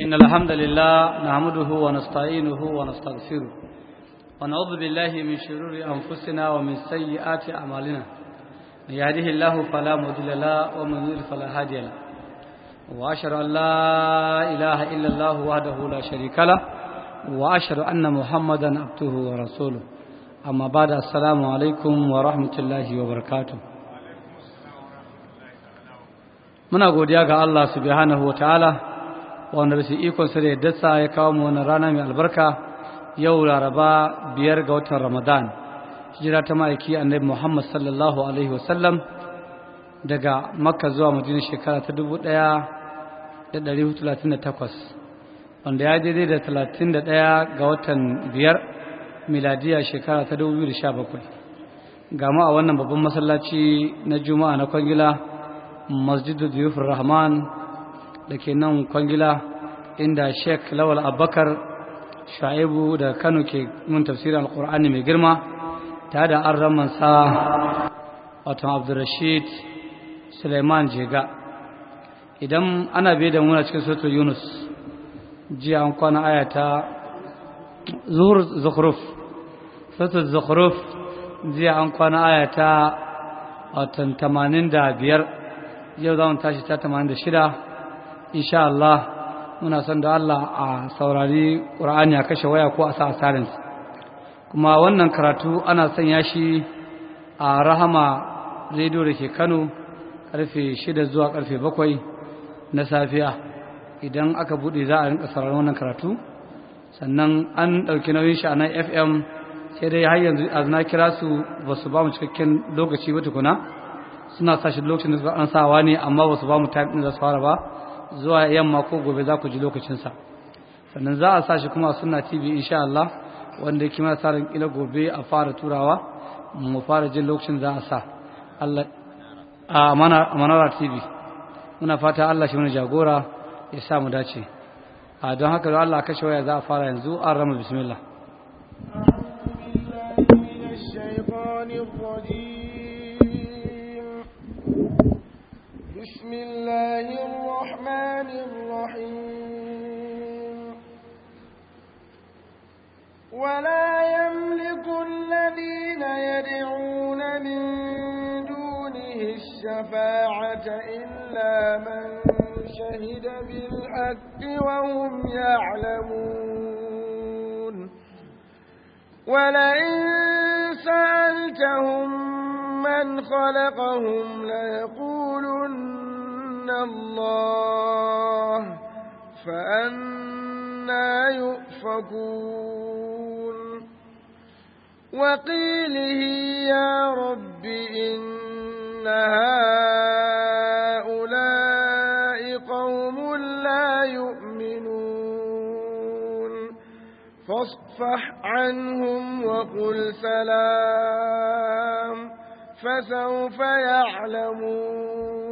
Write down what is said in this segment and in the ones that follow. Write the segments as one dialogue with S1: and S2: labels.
S1: إن الحمد لله نعمده ونستعينه ونستغفره ونعوذ بالله من شرور أنفسنا ومن سيئات أعمالنا من يهده الله فلا مضل له ومن يضلل فلا هادي له وأشهد أن لا إله إلا الله وحده لا شريك له وأشهد أن محمدا عبده ورسوله أما بعد السلام عليكم ورحمة الله وبركاته من أقول ga Allah subhanahu wa wanda rashin sa da yaddarsa ya kawo mu wani rana mai albarka yau laraba biyar ga watan ramadan hijira ta ma'aiki annabi muhammad sallallahu alaihi wasallam daga makka zuwa madina shekara ta dubu ɗaya da ɗari hudu talatin da takwas wanda ya daidai da talatin da ɗaya ga watan biyar miladiya shekara ta dubu biyu da sha bakwai gama a wannan babban masallaci na juma'a na kwangila masjidu duyufin rahman da ke nan kwangila inda sheikh lawal abubakar sha'ibu da kano ke mun tafsirin alkur'ani mai girma ta da an ramansa watan abdurrashid suleiman jega idan ana bai da muna cikin sautar yunus jiya an kwana aya ta zuhur zukhruf sautar zukhruf jiya an kwana aya ta watan 85 yau za mu tashi ta 86 insha Allah muna son da Allah a saurari Qur'ani a kashe waya ko a sa asarin kuma wannan karatu ana sanya shi a Rahama Radio da ke Kano karfe 6 zuwa karfe 7 na safiya idan aka bude za a rinka sauraron wannan karatu sannan an ɗauki nauyin shi a nan FM sai dai har yanzu a na kira su ba su ba mu cikakken lokaci ba tukuna suna sashi lokacin da an sawa ne amma ba su ba mu time din da su fara ba zuwa yamma ko gobe za ku ji lokacinsa sannan za a sa shi kuma a suna tv insha Allah wanda kima tsarin kila gobe a fara turawa mu fara jin lokacin za a sa Allah a manara tv muna fata Allah shi mana jagora ya sa mu dace a don haka da Allah kashe waya za a fara yanzu an rama bismillah
S2: بسم الله الرحمن الرحيم ولا يملك الذين يدعون من دونه الشفاعة إلا من شهد بالحق وهم يعلمون ولئن سألتهم من خلقهم ليقولن الله فأنا يؤفكون وقيله يا رب إن هؤلاء قوم لا يؤمنون فاصفح عنهم وقل سلام فسوف يعلمون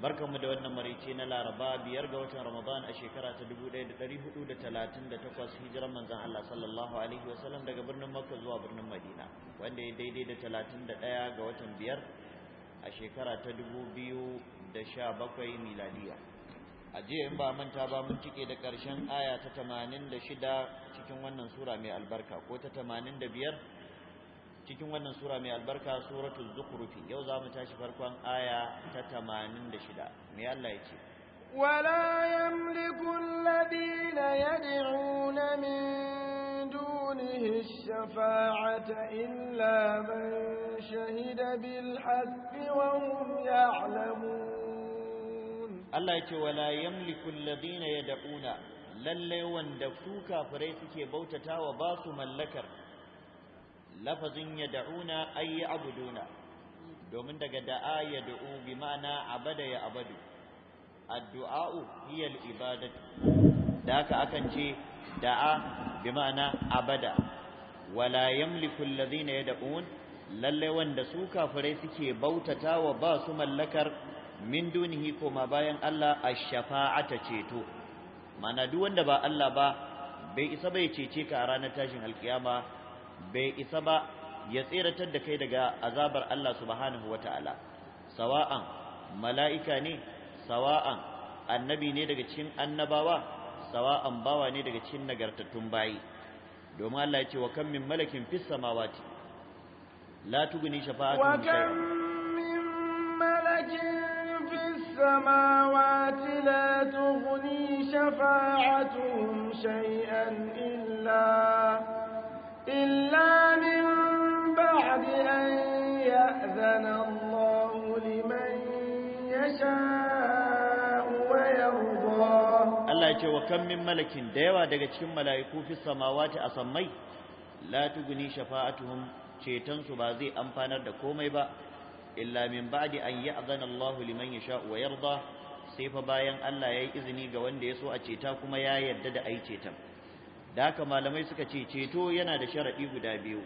S1: barkanmu da wannan marice na laraba biyar ga watan ramadan a shekara ta 1438
S3: hijiran manzan Allah sallallahu alaihi wasallam daga birnin makka zuwa birnin madina wanda ya daidai da 31 ga watan biyar a shekara ta 2017 miladiya a jiya in ba manta ba mun cike da karshen aya ta 86 cikin wannan sura mai albarka ko ta 85 cikin wannan sura mai albarka suratul zukhrufi yau za mu tashi farkon aya ta 86 me Allah ya ce
S2: wala yamliku alladhina yad'una min dunihi ash-shafa'ata illa man shahida bil haqqi wa hum ya'lamun
S3: Allah ya ce wala yamliku alladhina yad'una lalle wanda su kafirai suke bautatawa ba su mallakar lafazin da'una ay abuduna domin daga da'a ya da'u, bi ma'ana abada ya abadu addu'a'u hiya al-ibadatu da haka akan ce da'a bi ma'ana abada wala yamliku alladhina yad'un lalle wanda su kafirai suke bautatawa ba su mallakar min dunihi koma bayan Allah ash-shafa'ata ceto mana duk wanda ba Allah ba bai isa bai cece ka a ranar tashin alkiyama bai isa ba ya tseratar da kai daga azabar Allah subhanahu wata'ala sawa'an mala'ika ne sawa'an annabi ne daga cikin annabawa sawa'an bawa ne daga cikin nagartattun bayi domin Allah ya ce wa kam min malakin fis samawati la tuguni shafa'atun wa kam
S2: min malakin fis samawati la tughni shafa'atuhum shay'an illa إلا من بعد أن يأذن الله لمن يشاء ويرضى
S3: الله يقول وكم من ملك ديوى دقشهم ملائكو في السماوات أصمي لا تغني شفاعتهم cetonsu ba zai amfanar da komai ba illa min ba'di an ya'zana Allahu liman yasha wa yarda sai fa bayan Allah yayi izini ga wanda ya so a ceta kuma ya yarda da ai cetan da haka malamai suka ce ceto yana da sharaɗi guda biyu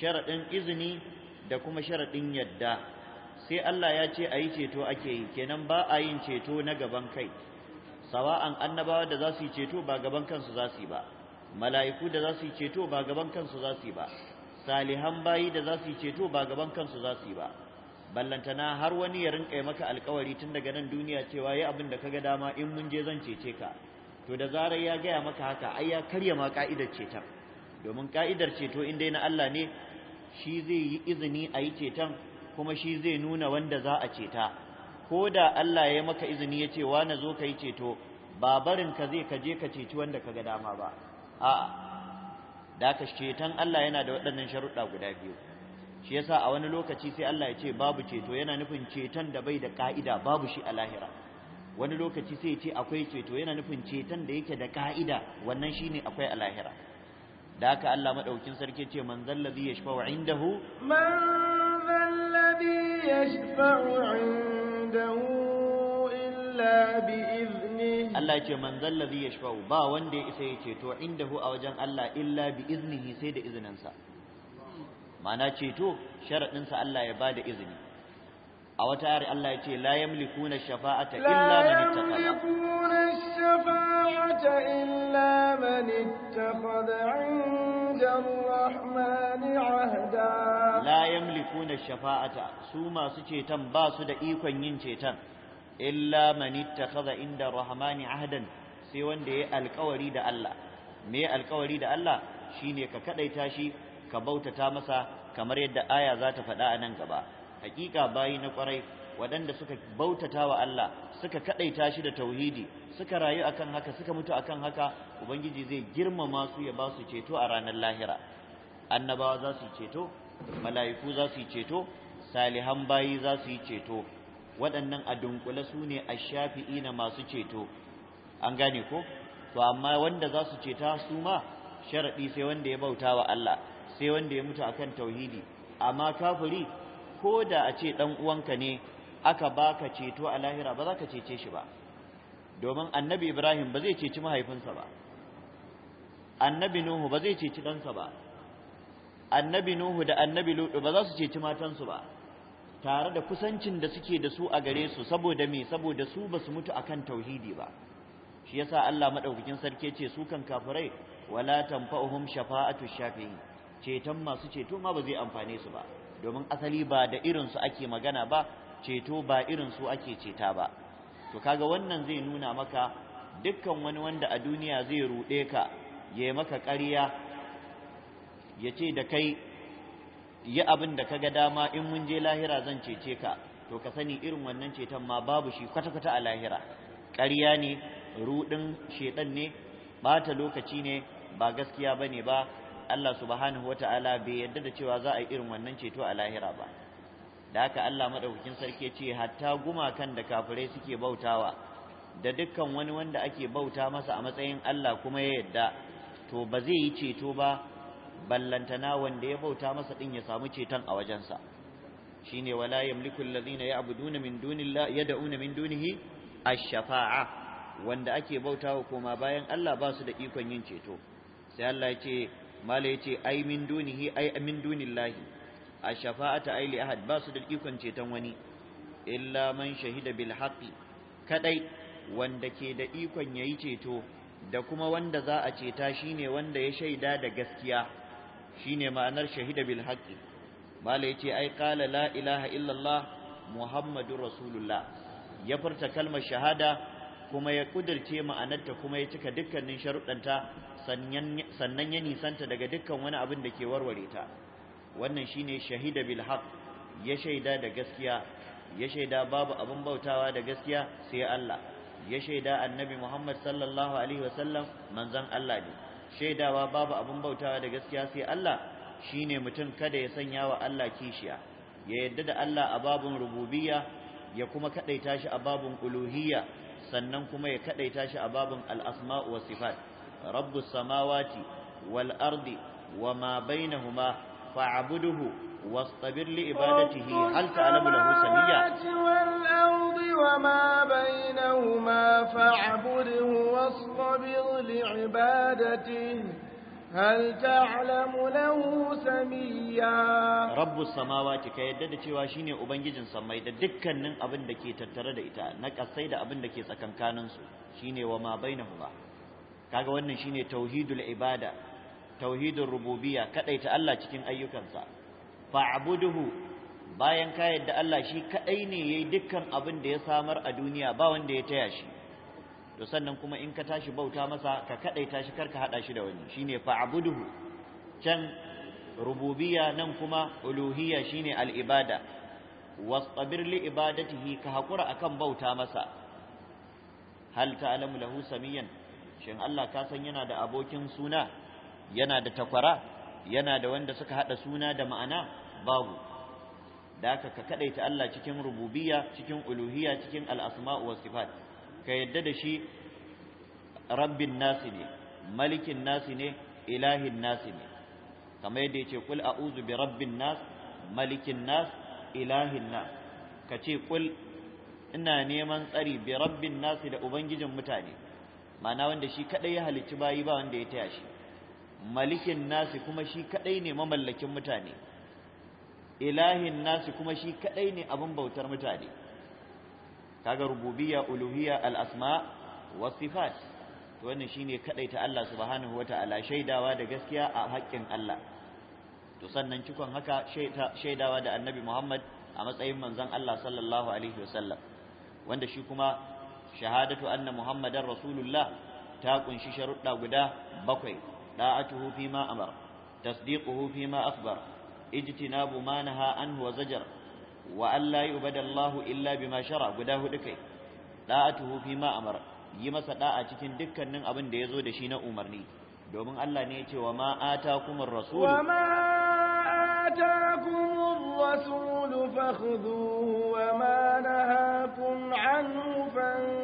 S3: sharaɗin izini da kuma sharaɗin yadda sai Allah ya ce a yi ceto ake yi kenan ba a yin ceto na gaban kai sawa'an annabawa da za su yi ceto ba gaban kansu za su yi ba mala'iku da za su yi ceto ba gaban kansu za su yi ba salihan bayi da za su yi ceto ba gaban kansu za su yi ba ballantana har wani ya rinka maka alkawari tun daga nan duniya cewa yi abin da kaga dama in mun je zan cece ka to da zarar ya gaya maka haka ai ya karya ma ka'idar ceton domin ka'idar ceto in dai na Allah ne shi zai yi izini a yi ceton kuma shi zai nuna wanda za a ceta ko da Allah ya maka izini ya ce wa na zo ka yi ceto ba barin ka zai ka je ka ceci wanda ka ga dama ba a'a da ka ceton Allah yana da waɗannan sharuɗa guda biyu shi yasa a wani lokaci sai Allah ya ce babu ceto yana nufin ceton da bai da ka'ida babu shi a lahira wani lokaci sai ce akwai ceto yana nufin ceton da yake da ka'ida wannan shine akwai a lahira da haka Allah madaukin sarki ce man zallazi yashfa'u indahu
S2: man zallazi yashfa'u indahu illa
S3: bi izni Allah ce man zallazi yashfa'u ba wanda ya isa ya ceto indahu a wajen Allah illa bi iznihi sai da izininsa ma'ana ceto sharadin Allah ya bada izini a wata ayar Allah ya ce la yamlikuna shafa'ata illa man ittakhadha
S2: la yamlikuna shafa'ata illa man ittakhadha 'inda ar-rahmani 'ahda
S3: la yamlikuna shafa'ata su masu ceton ba su da ikon yin ceton illa man ittakhadha 'inda ar-rahmani 'ahdan sai wanda yayi alƙawari da Allah me alƙawari da Allah shine ka kadaita shi ka bautata masa kamar yadda aya za ta faɗa a nan gaba hakika bayi na kwarai waɗanda suka bautata wa Allah suka kadaita shi da tauhidi suka rayu akan haka suka mutu akan haka ubangiji zai girmama su ya ba su ceto a ranar lahira annabawa za su ceto mala'iku za su ceto salihan bayi za su ceto waɗannan a dunkule su ne a shafi'i na masu ceto an gane ko to amma wanda za su ceta su ma sharaɗi sai wanda ya bauta wa Allah sai wanda ya mutu akan tauhidi amma kafiri ko da a ce ɗan uwanka ne aka baka ceto a lahira ba za ka cece shi ba domin annabi ibrahim ba zai ceci mahaifinsa ba annabi nuhu ba zai ceci ɗansa ba annabi nuhu da annabi lutu ba za su ceci matansu ba tare da kusancin da suke da su a gare su saboda me saboda su ba su mutu kan tauhidi ba shi yasa Allah madaukakin sarki ce su kan kafirai wala tanfa'uhum shafa'atu shafi'i ceton masu ceto ma ba zai amfane su ba domin asali ba da irinsu ake magana ba ceto ba irinsu ake ceta ba to kaga wannan zai nuna maka dukkan wani wanda a duniya zai ruɗe ka ya maka ƙarya ya ce da kai yi abin da kaga dama in mun je lahira zan cece ka to ka sani irin wannan ceton ma babu shi kwata-kwata a lahira ƙarya ne ruɗin shedan ne ɓata lokaci ne ba gaskiya ba ba Allah subhanahu ta'ala bai yarda da cewa za a yi irin wannan ceto a lahira ba da haka Allah madaukakin sarki ce hatta gumakan da kafirai suke bautawa da dukkan wani wanda ake bauta masa a matsayin Allah kuma ya yarda to ba zai yi ceto ba ballantana wanda ya bauta masa din ya samu ceton a wajensa shine wala yamliku alladhina ya'buduna min dunillahi yad'una min dunihi ash-shafa'a wanda ake bautawa koma bayan Allah ba su da ikon yin ceto sai Allah ya ce mala yace ai min dunihi ai min dunillahi a shafa'ata ai li ahad ba su da ikon ceton wani illa man shahida bil haqqi kadai wanda ke da ikon yayi ceto da kuma wanda za a ceta shine wanda ya shaida da gaskiya shine ma'anar shahida bil haqqi mala yace ai qala la ilaha Allah muhammadur rasulullah ya furta kalmar shahada kuma ya kudirce ma'anarta kuma ya cika dukkanin sharuɗanta sannan ya nisanta daga dukkan wani abin da ke warware ta wannan shine shahida bil haqq ya shaida da gaskiya ya shaida babu abin bautawa da gaskiya sai Allah ya shaida annabi Muhammad sallallahu alaihi wasallam manzon Allah ne shaidawa babu abin bautawa da gaskiya sai Allah shine mutum kada ya sanya wa Allah kishiya ya yadda da Allah a babun rububiyya ya kuma kadaita shi a babun uluhiyya sannan kuma ya kadaita shi a babun al-asma' wa sifat رب السماوات والأرض وما بينهما فاعبده واصطبر لعبادته هل تعلم له سميا
S2: والأرض وما بينهما فاعبده واصطبر لعبادته هل تعلم له سميا
S3: رب السماوات كي يدد cewa shine ubangijin sammai da dukkanin abin da ke tattare da ita na kasai da abin da ke tsakankanin su shine wa ma bainahuma kaga wannan shine tauhidul ibada tauhidur rububiyya ta Allah cikin ayyukansa fa'abuduhu bayan ka yadda Allah shi kadai ne yayi dukkan abin da ya samar a duniya ba wanda ya taya shi to sannan kuma in ka tashi bauta masa ka kadaita shi karka hada shi da wani shine fa'buduhu can rububiyya nan kuma uluhiyya shine al-ibada wastabir li ibadatihi ka hakura akan bauta masa hal ta'lamu lahu samiyan shin Allah ka san yana da abokin suna yana da takwara yana da wanda suka hada suna da ma'ana babu da haka ka kadaita Allah cikin rububiyya cikin uluhiyya cikin al-asma'u was sifat ka yadda da shi rabbin nasi ne malikin nasi ne ilahin nasi ne kamar yadda yace kul a'udhu bi rabbin nas malikin nas ilahin nas kace kul ina neman tsari bi rabbin nasi da ubangijin mutane ma'ana wanda shi kadai ya halicci bayi ba wanda ya taya shi malikin nasi kuma shi kadai ne mamallakin mutane ilahin nasi kuma shi kadai ne abin bautar mutane kaga rububiyya uluhiyya al-asma wa sifat to wannan shine kadai ta Allah subhanahu wata'ala shaidawa da gaskiya a haƙƙin Allah to sannan cikon haka shaidawa da annabi Muhammad a matsayin manzon Allah sallallahu alaihi wasallam wanda shi kuma shahadatu anna muhammadan rasulullah ta kunshi sharuɗa guda bakwai da'atuhu fi ma amara tasdiquhu fi ma akhbar ijtinabu ma naha anhu wa zajar wa an la yu'bada Allahu illa bima shara guda hudu kai da'atuhu fi ma amara yi masa da'a cikin dukkanin abin da yazo da shi na umarni domin Allah ne ya ce wa ma atakumur rasul wa
S2: ma atakumur rasul fakhudhuhu wa ma nahakum anhu fan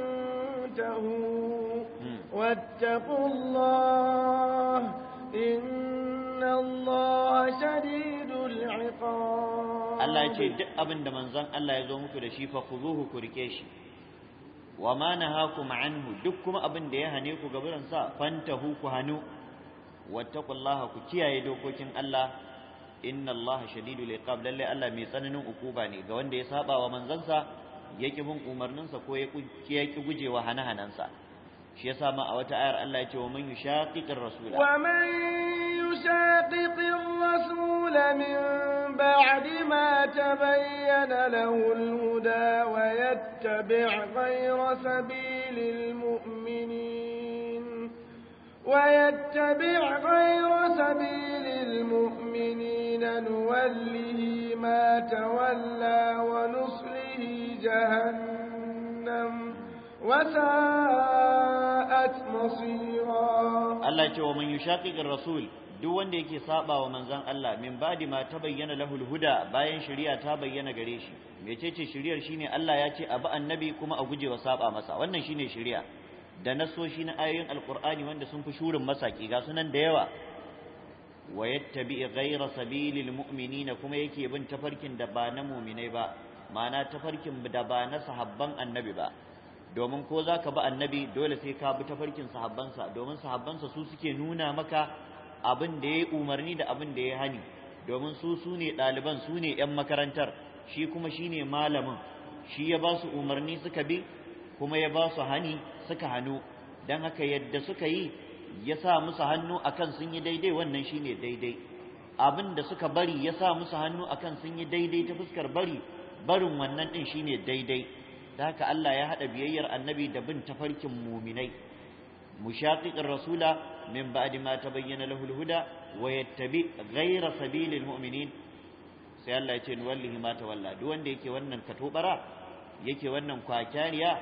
S2: تَشَاءُوا
S4: Allah yace
S3: duk abinda da manzon Allah zo muku da shi fa khuzuhu ku rike shi wa ma nahakum anhu duk kuma abin da ya hane ku gaburan sa fantahu ku hanu wattaqullaha ku kiyaye dokokin Allah inna Allah shadidul iqab lalle Allah mai tsananin ukuba ne ga wanda ya saɓa wa manzansa yake ki bin umarninsa ko yake yake gujewa hane-hanensa shi yasa ma a wata ayar Allah yake ce wa man yushaqiqir rasul wa
S2: man yushaqiqir rasul min ba'd ma tabayyana lahu al-huda wa yattabi' ghayra sabilil mu'minin wa yattabi' ghayra sabilil mu'minin nuwallihi ma tawalla wa nuslihi جهنم وساءت مصيرا الله يقول
S3: ومن يشاقق الرسول duk wanda yake saba wa manzon Allah min badi ma ta bayyana lahul huda bayan shari'a ta bayyana gare shi mecece shari'ar shine Allah ya ce abu annabi kuma a guje wa saba masa wannan shine shari'a da nasoshi na ayoyin alqur'ani wanda sun fi shurin masaki ga sunan da yawa wa raira ghayra sabilil mu'minina kuma yake bin tafarkin da ba na mu'minai ba ma'ana tafarkin da ba na sahabban annabi ba domin ko za ka bi annabi dole sai ka bi tafarkin sahabbansa domin sahabbansa su suke nuna maka abin da ya umarni da abin da ya hani domin su su ne ɗaliban su ne 'yan makarantar shi kuma shi ne malamin shi ya ba su umarni suka bi kuma ya ba su hani suka hannu don haka yadda suka yi ya sa musu hannu akan sun yi daidai wannan shi ne daidai abin da suka bari ya sa musu hannu akan sun yi daidai ta fuskar bari barin wannan din shine daidai da haka Allah ya hada biyayyar annabi da bin tafarkin muminai mushaqiqir rasula min ba'di ma tabayyana lahu al-huda wa yattabi ghayra sabilil mu'minin sai Allah ya ce wallahi ma tawalla duk wanda yake wannan katobara yake wannan kwakariya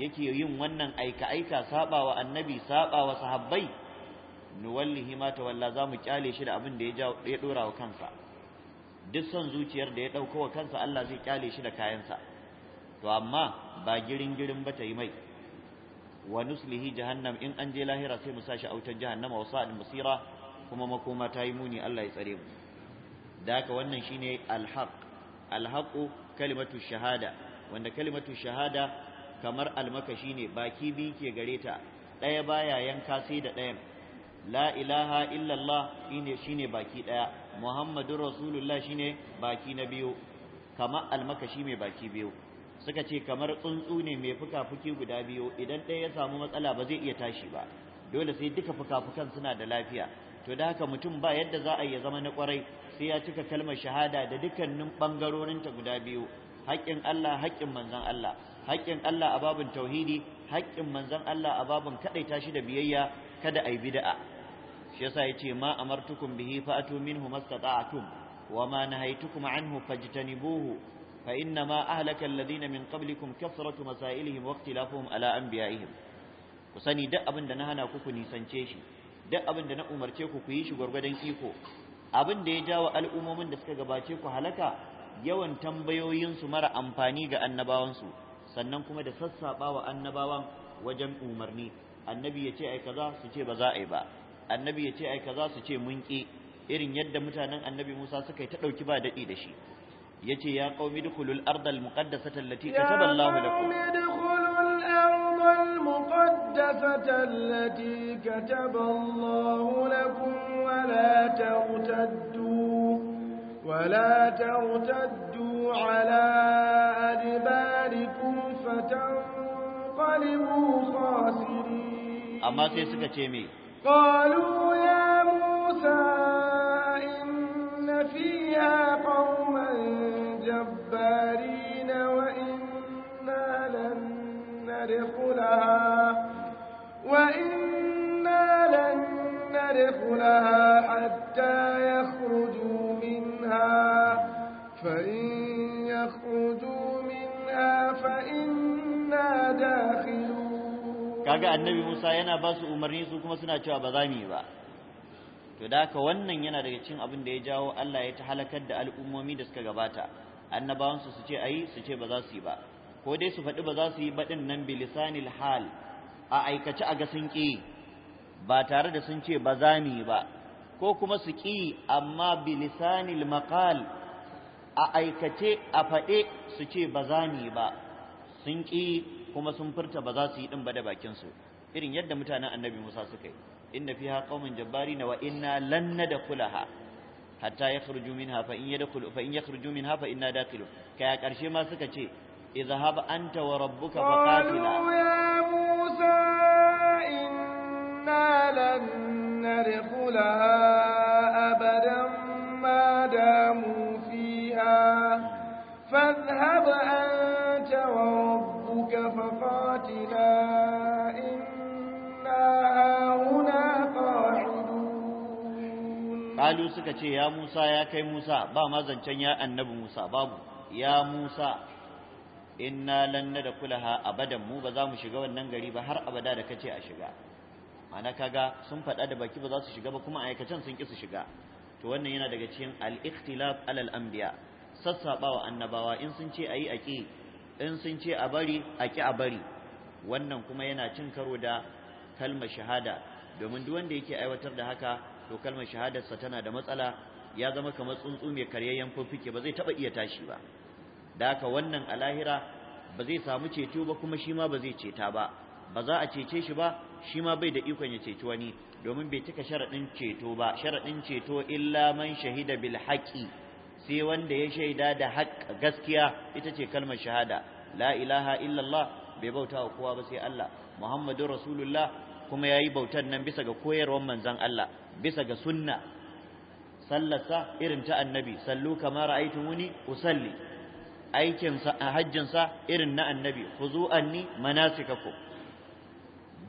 S3: yake yin wannan aika aika wa annabi sabawa sahabbai wallahi ma tawalla zamu kyale shi da abin da ya dora wa kansa duk son zuciyar da ya ɗauko kansa Allah zai kyale shi da kayansa to amma ba girin girin ba ta yi mai wa nuslihi jahannam in an je lahira sai mu sashi autar jahannama wa sa'ad musira kuma makoma ta yi muni Allah ya tsare mu da haka wannan shine alhaq alhaqu kalimatu shahada wanda kalimatu shahada kamar almakashi ne baki biyu ke gare ta ɗaya baya yanka sai da ɗayan la ilaha illallah shine shine baki daya muhammadur rasulullah shine baki na biyu kamar almakashi mai baki biyu suka ce kamar tsuntsu ne mai fuka-fuki guda biyu idan ɗaya ya samu matsala ba zai iya tashi ba dole sai duka fuka-fukan suna da lafiya to da haka mutum ba yadda za a yi zama na kwarai sai ya cika kalmar shahada da dukkanin bangarorinta guda biyu haƙƙin Allah haƙƙin manzon Allah haƙƙin Allah a babun tauhidi haƙƙin manzon Allah a babun kaɗaita shi da biyayya kada a yi bid'a shi yasa yace ma amartukum bihi fa'atu minhu mastata'tum wa manahaitukuma nahaytukum anhu fajtanibuhu fa inna ma ahlaka alladhina min qablikum kathratu masailihim wa ikhtilafuhum ala anbiya'ihim ku sani duk abin da na hana ku ku nisance shi duk abin da na umarce ku ku yi shi gwargwadon iko abin da ya jawo al'ummomin da suka gabace ku halaka yawan tambayoyinsu mara amfani ga annabawansu sannan kuma da sassaɓawa wa annabawan wajen umarni annabi ya ce ai kaza su ce ba za a yi ba annabi ya ce ai kaza su ce mun ƙi irin yadda mutanen annabi Musa suka yi ta dauki ba dadi da shi yace ya qaumi dukhulul ardal muqaddasata allati kataba Allah lakum
S2: dukhulul ardal muqaddasata allati kataba Allah lakum wa la tartaddu ولا ترتدوا على أدباركم Amma sai suka ce me. قالوا يا موسى إن فيها قوما جبارين وإنا لن ندخلها وإنا لن ندخلها حتى يخرجوا منها فإن يخرجوا kaga annabi Musa
S3: yana ba su umarni su kuma suna cewa ba za mu yi ba to da haka wannan yana daga cikin abin da ya jawo Allah ya ta halakar da al'ummomi da suka gabata annabawansu su ce ayi su ce ba za su yi ba ko dai su faɗi ba za su yi baɗin nan bi hal a aikace a ga sun ƙi ba tare da sun ce ba za mu yi ba ko kuma su ƙi amma bi maqal a aikace a faɗe su ce ba za mu yi ba sun ƙi kuma sun furta ba za su yi din ba da bakin su irin yadda mutanen annabi Musa suka yi inna fiha qauman jabbarina wa inna lan nadkhulaha hatta yakhruju minha fa in yadkhulu fa in yakhruju minha fa inna dakhilun kai a karshe ma suka ce idhhab anta wa rabbuka faqatila
S2: ya Musa inna lan nadkhulaha abadan ma damu fiha fadhhab anta فقاتلا
S3: suka ce ya Musa ya kai Musa, ba كي موسى ya annabi Musa, babu ya Musa. بابو يا موسى inna lan nadkhulaha mu ba za mu shiga wannan gari ba har abada da kace a shiga ma'ana kaga sun faɗa da baki ba za su shiga ba kuma aikacen sun ki su shiga to wannan yana daga cikin aliktilaf ikhtilaf alal ambiya, sassaɓawa annabawa in sun ce ayi ake in sun ce a bari a ki a bari wannan kuma yana cin karo da kalmar shahada domin duk wanda yake aiwatar da haka to kalmar sa tana da matsala ya zama kamar tsuntsu mai karyayyen fuffuke ba zai taba iya tashi ba da haka wannan a lahira ba zai samu ceto ba kuma shi ma ba zai ceta ba ba za a cece shi ba shi ma bai da ikon ya ceci wani domin bai cika sharaɗin ceto ba sharaɗin ceto illa man shahida bil haƙi sai wanda ya shaida da haƙƙa gaskiya ita ce kalmar shahada la ilaha illallah bai bauta wa kowa ba sai Allah Muhammadu Rasulullah kuma ya yi bautan nan bisa ga koyarwar manzon Allah bisa ga sunna sallasa irin ta annabi sallu kama ra'aytumuni usalli aikin sa hajjin sa irin na annabi khuzu anni manasikakum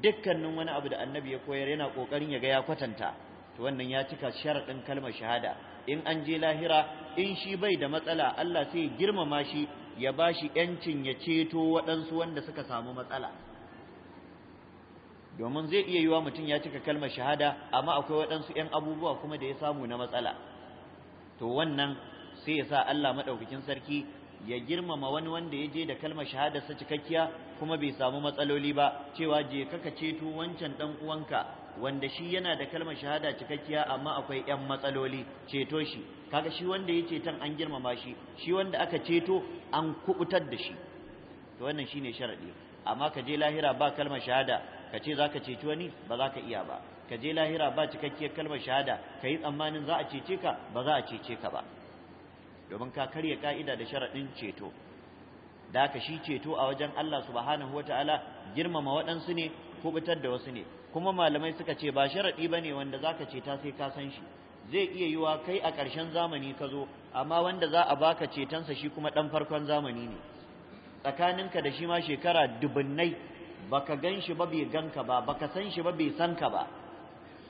S3: dukkanin wani abu da annabi ya koyar yana kokarin ya ga ya kwatanta to wannan ya cika sharadin kalmar shahada in an je lahira in shi bai da matsala Allah sai girmama shi ya ba shi ‘yancin ya ceto waɗansu wanda suka samu matsala domin zai iya yiwa mutum ya cika kalmar shahada amma akwai waɗansu ‘yan abubuwa kuma da ya samu na matsala to wannan sai ya sa Allah maɗaukakin sarki ya girmama wani wanda ya je da kalmar shahadarsa cikakkiya kuma bai samu matsaloli ba cewa je kaka ceto wancan ɗan uwanka wanda shi yana da kalmar shahada cikakkiya amma akwai yan matsaloli ceto shi kaga shi wanda ya ceton an girmama shi shi wanda aka ceto an kubutar da shi to wannan shine sharadi amma ka je lahira ba kalmar shahada ka ce zaka ceci wani ba za ka iya ba ka je lahira ba cikakkiyar kalmar shahada ka yi tsammanin za a cece ka ba za a cece ka ba domin ka karya ka'ida da sharaɗin ceto da ka shi ceto a wajen Allah subhanahu wata'ala girmama waɗansu ne kubutar da wasu ne kuma malamai suka ce ba sharadi bane wanda zaka ceta sai ka san shi zai iya yiwa kai a ƙarshen zamani ka zo amma wanda za a baka cetonsa shi kuma ɗan farkon zamani ne tsakaninka da shi ma shekara dubunnai baka gan shi ba bai ganka ba baka san shi ba bai san ka ba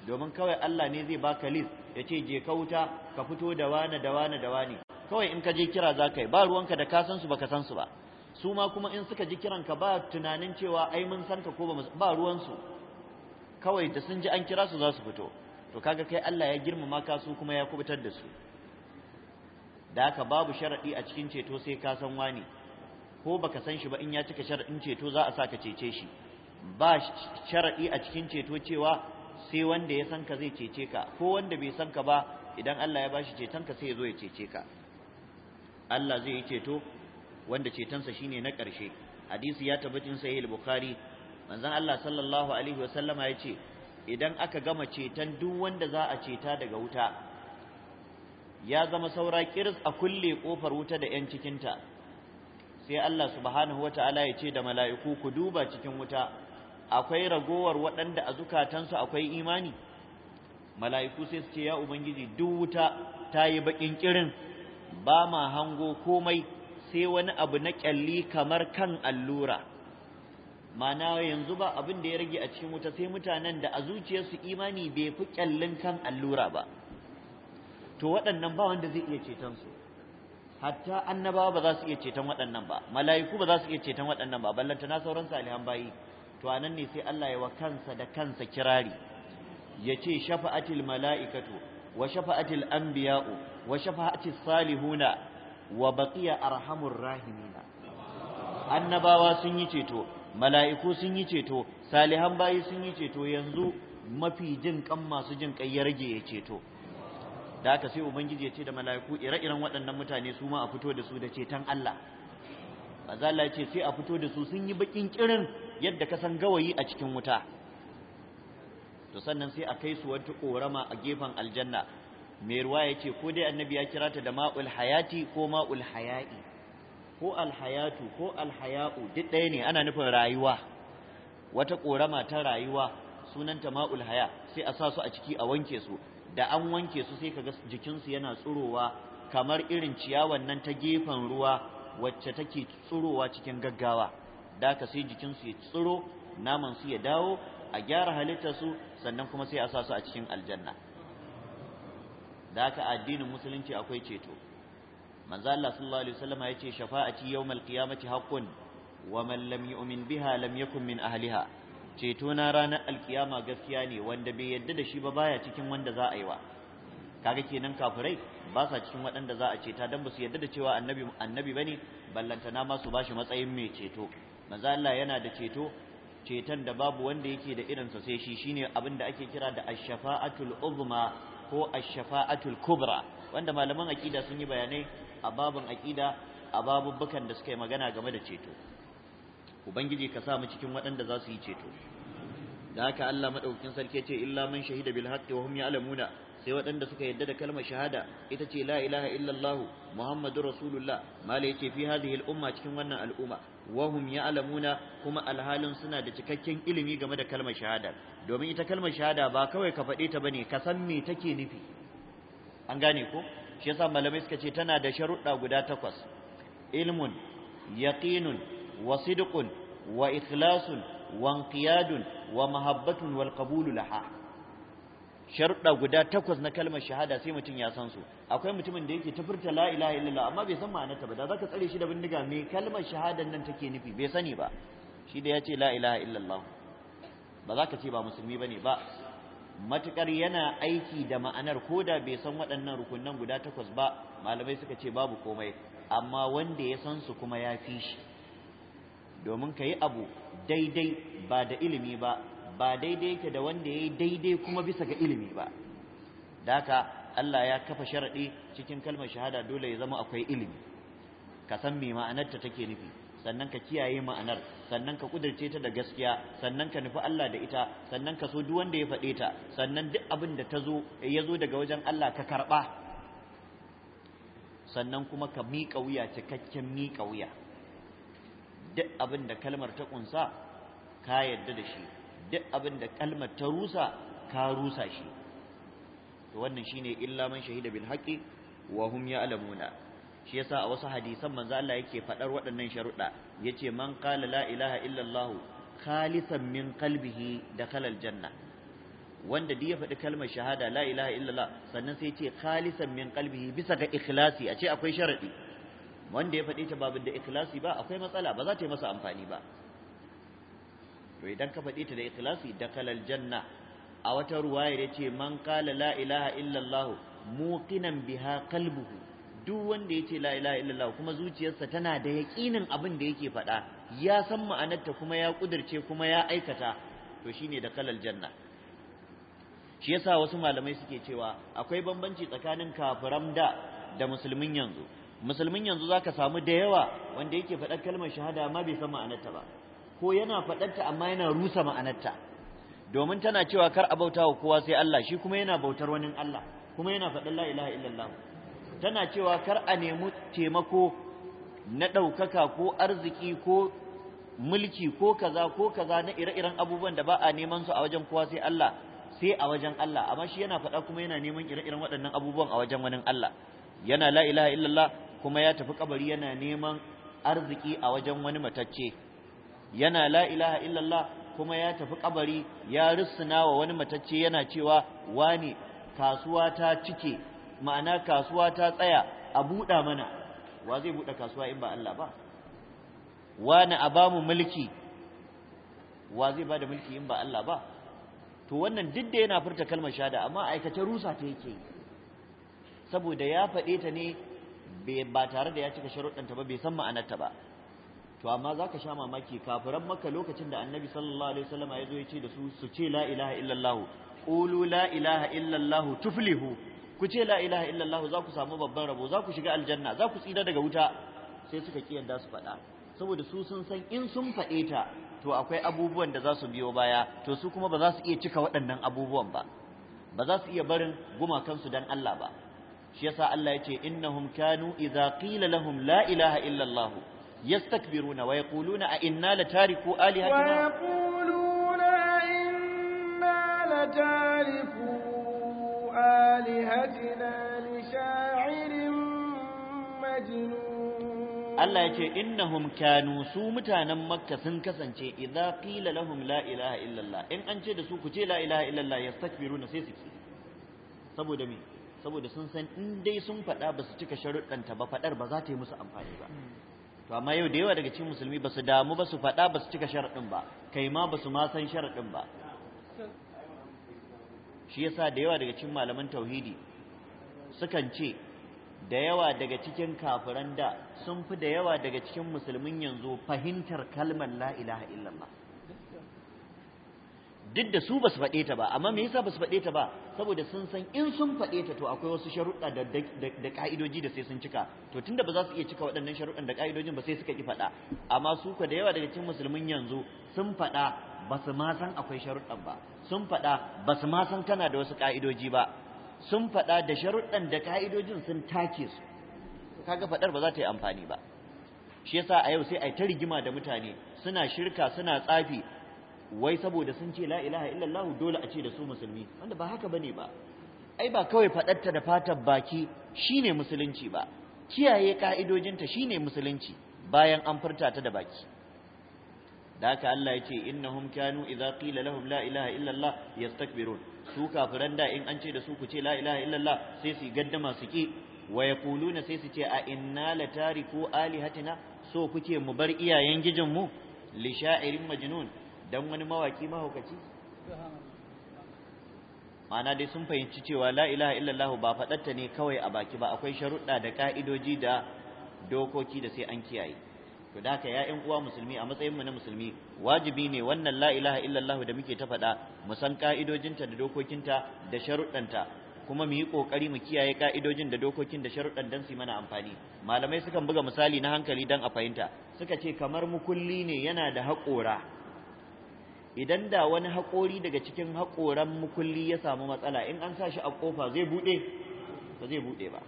S3: domin kawai Allah ne zai baka list ya ce je ka wuta ka fito da wane da wane da wane kawai in ka je kira za ka yi ba ruwanka da ka san su baka san su ba su ma kuma in suka ji kiranka ba tunanin cewa ai mun san ka ko ba su. kawai da sun ji an kira su za su fito to kaga kai Allah ya girmama ka su kuma ya kubutar da su da haka babu sharadi a cikin ceto sai ka san wani ko baka san shi ba in ya cika sharadin ceto za a sa ka cece shi ba sharadi a cikin ceto cewa sai wanda ya san ka zai cece ka ko wanda bai san ka ba idan Allah ya bashi ceton ka sai ya zo ya cece ka Allah zai yi ceto wanda cetonsa shine na ƙarshe hadisi ya tabbatin sahih al-bukhari manzon Allah sallallahu alaihi wasallama ya ce idan aka gama ceton duk wanda za a ceta daga wuta ya zama saura kirs a kulle kofar wuta da yan cikinta sai Allah subhanahu wataala ya ce da mala'iku ku duba cikin wuta akwai ragowar waɗanda a zukatansu akwai imani mala'iku sai su ce ya ubangiji duk wuta ta yi baƙin kirin ba ma hango komai sai wani abu na ƙyalli kamar kan allura ma'ana yanzu ba abin da ya rage a cikin wuta sai mutanen da a zuciyarsu imani bai fi kyallin kan allura ba to waɗannan ba wanda zai iya ceton su hatta annabawa ba za su iya ceton waɗannan ba mala'iku ba za su iya ceton waɗannan ba ballanta na sauran salihan bayi to anan ne sai Allah ya wa kansa da kansa kirari ya ce shafa'atil mala'ikatu wa shafa'atil anbiya'u wa shafa'atis salihuna wa baqiya arhamur rahimina annabawa sun yi ceto mala'iku sun yi ceto salihan bayi sun yi ceto yanzu mafi jin kan masu jin kai ya rage ya ceto da aka sai ubangiji ya ce da mala'iku ire-iren waɗannan mutane su ma a fito da su da ceton Allah za la ce sai a fito da su sun yi bakin kirin yadda ka san gawayi a cikin wuta to sannan sai a kai su wata ƙorama a gefen aljanna mai ruwa ya ce ko dai annabi ya kira ta da ma'ul hayati ko ma'ul haya'i ko alhayatu ko alhaya'u duk ɗaya ne ana nufin rayuwa wata ƙorama ta rayuwa sunanta ma'ul haya sai a sa su a ciki a wanke su da an wanke su sai kaga jikinsu yana tsurowa kamar irin ciyawan nan ta gefen ruwa wacce take tsurowa cikin gaggawa da ka sai jikinsu ya tsuro naman su ya dawo a gyara halittar su sannan kuma sai a sa su a cikin aljanna da ka addinin musulunci akwai ceto manzo Allah sallallahu alaihi wasallam ya ce shafa'ati yawmal qiyamati haqqun wa man lam yu'min biha lam yakun min ahliha ceto na ranar alkiyama gaskiya ne wanda bai yadda da shi ba baya cikin wanda za a yi wa kaga kenan kafirai ba sa cikin waɗanda za a ceta dan ba su yadda da cewa annabi annabi bane ballantana ma su bashi matsayin mai ceto manzo Allah yana da ceto ceton da babu wanda yake da sa sai shi shine abin da ake kira da ash-shafa'atul uzma ko ash-shafa'atul kubra wanda malaman akida sun yi bayanai a babin aƙida a babubbukan da suka yi magana game da ceto ubangiji ka sa cikin waɗanda za su yi ceto da haka Allah maɗaukin sarki ce illa man shahida bil haqqi wa hum ya'lamuna sai waɗanda suka yadda da kalmar shahada ita ce la ilaha illallah muhammadur rasulullah mala yace fi hadhihi al umma cikin wannan al'umma wa hum ya'lamuna kuma alhalin suna da cikakken ilimi game da kalmar shahada domin ita kalmar shahada ba kawai ka faɗe ta ba ne ka san me take nufi an gane ko shi yasa malamai suka ce tana da sharuɗa guda takwas ilmun yaqinun wa sidqun wa ikhlasun wa inqiyadun wa mahabbatun wal qabulu laha sharuɗa guda takwas na kalmar shahada sai mutum ya san su akwai mutumin da yake tafurta la ilaha illallah amma bai san ma'anarta ba da zaka tsare shi da bindiga mai kalmar shahadan nan take nufi bai sani ba shi da ya ce la ilaha illallah ba za ka ce ba musulmi ba ne ba matukar yana aiki da ma'anar ko da bai san waɗannan rukunan guda takwas ba malamai suka ce babu komai amma wanda ya san su kuma ya fi shi domin ka yi abu daidai ba da ilimi ba ba daidai yake da wanda ya yi daidai kuma bisa ga ilimi ba daka Allah ya kafa sharaɗi cikin kalmar shahada dole ya zama akwai ilimi ka san me ma'anarta take nufi sannan ka kiyaye ma'anar sannan ka kudirce ta da gaskiya sannan ka nufi Allah da ita sannan ka so duk ya faɗe ta sannan duk abin da ta zo ya zo daga wajen Allah ka karɓa sannan kuma ka miƙa wuya cikakken miƙa wuya duk abin da kalmar ta ƙunsa ka yarda da shi duk abin da kalmar ta rusa ka rusa shi to wannan shine illa man shahida bil haqi wa hum ya'lamuna shi yasa a wasu hadisan manzo Allah yake faɗar waɗannan sharuɗa yace man qala la ilaha illallah khalisan min qalbihi dakhala aljanna wanda duk ya faɗi kalmar shahada la ilaha illallah sannan sai yace khalisan min qalbihi bisa ga ikhlasi a ce akwai sharadi wanda ya faɗi ta babu da ikhlasi ba akwai matsala ba za ta yi masa amfani ba to idan ka faɗi ta da ikhlasi dakhala aljanna a wata ruwaya yace man qala la ilaha illallah muqinan biha qalbuhu duk wanda ya ce la ilaha illallah kuma zuciyarsa tana da yaƙinin abin da yake faɗa ya san ma'anarta kuma ya ƙudirce kuma ya aikata to shine da kalal janna shi yasa wasu malamai suke cewa akwai bambanci tsakanin kafiran da da musulmin yanzu musulmin yanzu zaka samu da yawa wanda yake faɗar kalmar shahada ma bai san ma'anarta ba ko yana faɗarta amma yana rusa ma'anarta domin tana cewa kar a bauta wa kowa sai Allah shi kuma yana bautar wani Allah kuma yana faɗin la ilaha illallah tana cewa kar a nemi taimako na ɗaukaka ko arziki ko mulki ko kaza ko kaza na ire-iren abubuwan da ba a neman su a wajen kowa sai Allah sai a wajen Allah amma shi yana faɗa kuma yana neman ire-iren waɗannan abubuwan a wajen wani Allah yana la ilaha illallah kuma ya tafi kabari yana neman arziki a wajen wani matacce yana la ilaha illallah kuma ya tafi kabari ya rissuna wa wani matacce yana cewa wani kasuwa ta cike ma'ana kasuwa ta tsaya a buɗa mana wa zai buɗa kasuwa in ba Allah ba wani a ba mu mulki wa zai ba da mulki in ba Allah ba to wannan duk da yana furta kalmar shada amma aikace rusa ta yake saboda ya faɗe ta ne ba tare da ya cika sharuɗanta ba bai san ta ba to amma zaka sha mamaki kafiran maka lokacin da annabi sallallahu alaihi wasallam ya zo ya ce da su su ce la ilaha illallah qulu la ilaha illallah tuflihu ku ce la ilaha illallah za ku samu babban rabo za ku shiga aljanna za ku tsira daga wuta sai suka ki yadda su faɗa saboda su sun san in sun faɗe ta to akwai abubuwan da za su biyo baya to su kuma ba za su iya cika waɗannan abubuwan ba ba za su iya barin gumakansu dan Allah ba shi yasa Allah ya ce innahum kanu idza qila lahum la ilaha illallah yastakbiruna wa yaquluna a inna latariku alihatina wa
S2: yaquluna inna latariku آلهتنا لشاعر
S3: su mutanen Makka sun kasance سومتانا مكة سنكسن إذا قيل لهم لا إله إلا الله إن أنشي دسوك لا إله إلا الله يستكبرون سيسكي سبو دمي saboda sun san in dai sun faɗa ba su cika sharuɗanta ba faɗar ba za ta yi musu amfani ba to amma yau da yawa daga cikin musulmi ba su damu ba su faɗa ba su cika sharaɗin ba kai ma ba su ma san sharaɗin ba shi yasa da yawa daga cikin malaman tauhidi sukan ce da yawa daga cikin kafiran da sun fi da yawa daga cikin musulmin yanzu fahimtar kalmar la ilaha illallah duk da su basu su faɗe ta ba amma me yasa basu faɗe ta ba saboda sun san in sun faɗe ta to akwai wasu sharuɗa da da ka'idoji da sai sun cika to tunda ba za su iya cika waɗannan sharuɗan da ka'idojin ba sai suka ki faɗa amma su ku da yawa daga cikin musulmin yanzu sun faɗa ba su ma san akwai sharuɗan ba sun faɗa ba su ma san kana da wasu ka'idoji ba sun faɗa da sharuɗan da ka'idojin sun take su kaga faɗar ba za ta yi amfani ba shi yasa a yau sai a yi ta rigima da mutane suna shirka suna tsafi wai saboda sun ce la ilaha illallah dole a ce da su musulmi wanda ba haka bane ba ai ba kawai faɗatta da fatan baki shine musulunci ba kiyaye ka'idojinta shine musulunci bayan an furta ta da baki da haka Allah ya ce innahum kanu idza qila lahum la ilaha illallah yastakbirun su kafiran da in an ce da su ku ce la ilaha illallah sai su gaddama su ki wa yaquluna sai su ce a inna la ko alihatina so kuke mu bar iyayen gijin mu li sha'irin majnun dan wani mawaki mahaukaci ma'ana dai sun fahimci cewa la ilaha illallah ba faɗarta ne kawai a baki ba akwai sharuɗa da ka'idoji da dokoki da sai an kiyaye to da haka ya'yan uwa musulmi a matsayin mu na musulmi wajibi ne wannan la ilaha illallah da muke ta faɗa mu san ka'idojinta da dokokinta da sharuɗanta kuma mu yi kokari mu kiyaye ka'idojin da dokokin da sharuɗan dan su mana amfani malamai sukan buga misali na hankali dan a fahimta suka ce kamar mukulli ne yana da haƙora idan da wani haƙori daga cikin haƙoran mukulli ya samu matsala in an sa shi a ƙofa zai buɗe ba zai buɗe ba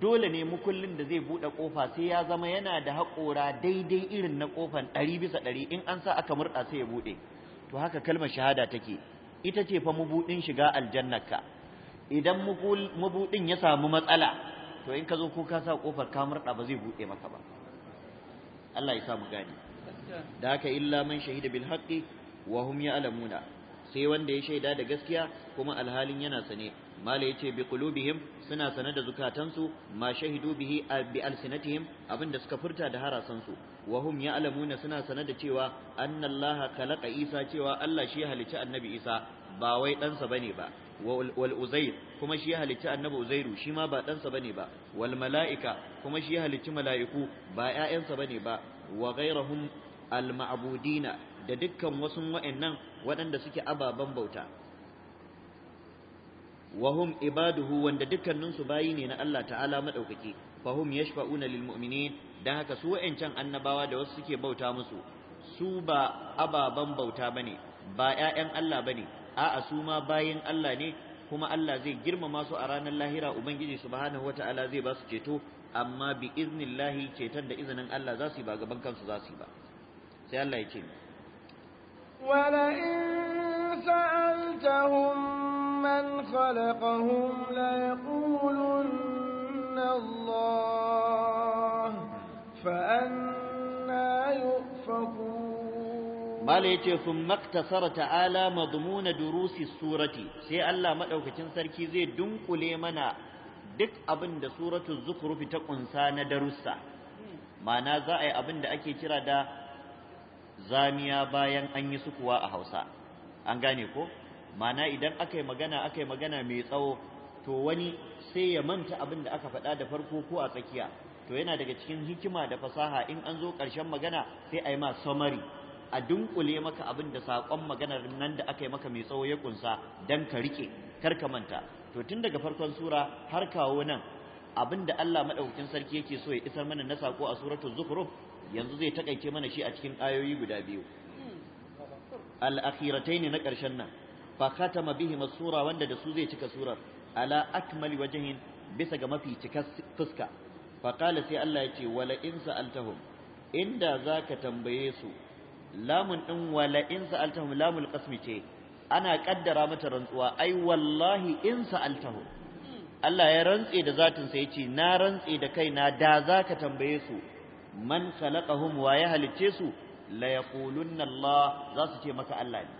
S3: dole ne mukullin da zai buɗe ƙofa sai ya zama yana da haƙora daidai irin na ƙofan ɗari bisa ɗari in an sa aka murɗa sai ya buɗe to haka kalmar shahada take ita ce fa mabuɗin shiga aljannarka idan mabuɗin ya samu matsala to in ka zo ko ka sa ƙofar ka murɗa ba zai buɗe maka ba Allah ya sa mu gane da haka illa man shahida bil haqqi wa hum ya'lamuna sai wanda ya shaida da gaskiya kuma alhalin yana sane mala yace bi qulubihim suna sane da zukatansu ma shahidu bihi bi alsinatihim abinda suka furta da harasansu wa hum ya'lamuna suna sane da cewa annallaha khalaqa isa cewa Allah shi halicci annabi isa ba wai ɗansa bane ba wal uzair kuma shi halicci annabi uzairu shi ma ba ɗansa bane ba wal mala'ika kuma shi halicci mala'iku ba ƴaƴansa bane ba wa ghairahum al-ma'budina da dukkan wasu wa'annan waɗanda suke ababen bauta wahum ibaduhu wanda dukkaninsu bayi ne na Allah ta'ala Maɗaukaki, fahum yashfa'una lil mu'minin dan haka su wa'ancan annabawa da wasu suke bauta musu su ba ababen bauta bane ba ƴaƴan Allah bane a'a su ma bayin Allah ne kuma Allah zai girmama su a ranar lahira ubangiji subhanahu wata'ala zai ba su ceto amma bi iznillahi ceton da izinin Allah za su yi ba gaban kansu za su yi ba sai Allah ya ce Bala ya ce, Sun maktasara ta’ala madmuna durusi surati, sai Allah maɗaukacin sarki zai dunkule mana duk abin da suratun zukurufi ta ƙunsa na darussa, mana za a yi abin da ake kira da zaniya bayan an yi sukuwa a Hausa an gane ko mana idan aka yi magana aka yi magana mai tsawo to wani sai ya manta abin da aka faɗa da farko ko a tsakiya to yana daga cikin hikima da fasaha in an zo ƙarshen magana sai a yi ma samari, a dunkule maka abin da saƙon maganar nan da aka yi maka mai tsawo ya kunsa dan ka rike kar ka manta to tun daga farkon sura har kawo nan abin da Allah madaukakin sarki yake so ya isar mana na sako a suratul zukhruf yanzu zai takaice mana shi a cikin ayoyi guda biyu al ne na ƙarshen nan fa khatama bihi masura wanda da su zai cika surar ala akmali wajhin bisa ga mafi cika fuska fa qala sai Allah yace wala in sa'altahum inda zaka tambaye su lamun din wala in sa'altahum lamul qasmi ce ana kaddara mata rantsuwa ai wallahi in sa'altahum hmm. Allah ya rantse da zatin sa yace na rantse da kaina da zaka tambaye su man khalaqahum wa ya halicce su la yaqulunna Allah za su ce maka Allah ne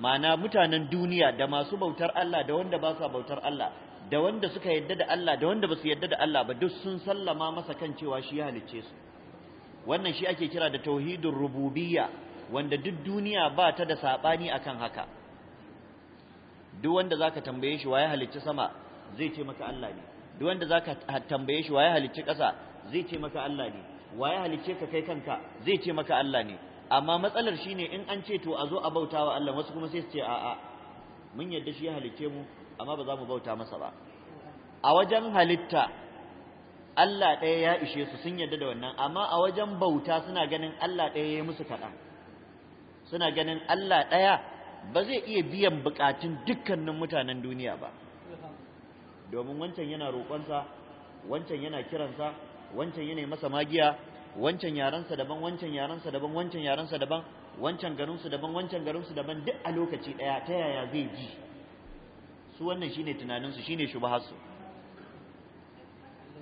S3: ma'ana mutanen duniya da masu bautar Allah da wanda ba su bautar Allah da wanda suka yadda da Allah da wanda ba su yadda da Allah ba duk sun sallama masa kan cewa shi ya halicce su wannan shi ake kira da tauhidur rububiyya wanda duk duniya ba ta da sabani akan haka duk wanda zaka tambaye shi waye halice sama zai ce maka Allah ne duk wanda zaka tambaye shi waye halice ƙasa zai ce maka Allah ne Wa ya halice ka kai kanka zai ce maka Allah ne amma matsalar shine in an ce to a zo a bauta wa Allah wasu kuma sai su ce a mun yadda shi ya halice mu amma ba za mu bauta masa ba a wajen halitta Allah ɗaya ya ishe su sun yadda da wannan amma a wajen bauta suna ganin Allah ɗaya ya yi musu kaɗan suna ganin Allah ɗaya ba zai iya biyan buƙatun dukkanin mutanen duniya ba domin wancan yana roƙonsa wancan yana kiransa wancan yana masa magiya wancan yarensa daban wancan yarensa daban wancan yarensa daban wancan garinsu daban wancan garinsu daban duk a lokaci daya ta yaya zai ji su wannan shine tunaninsu shine shubaharsu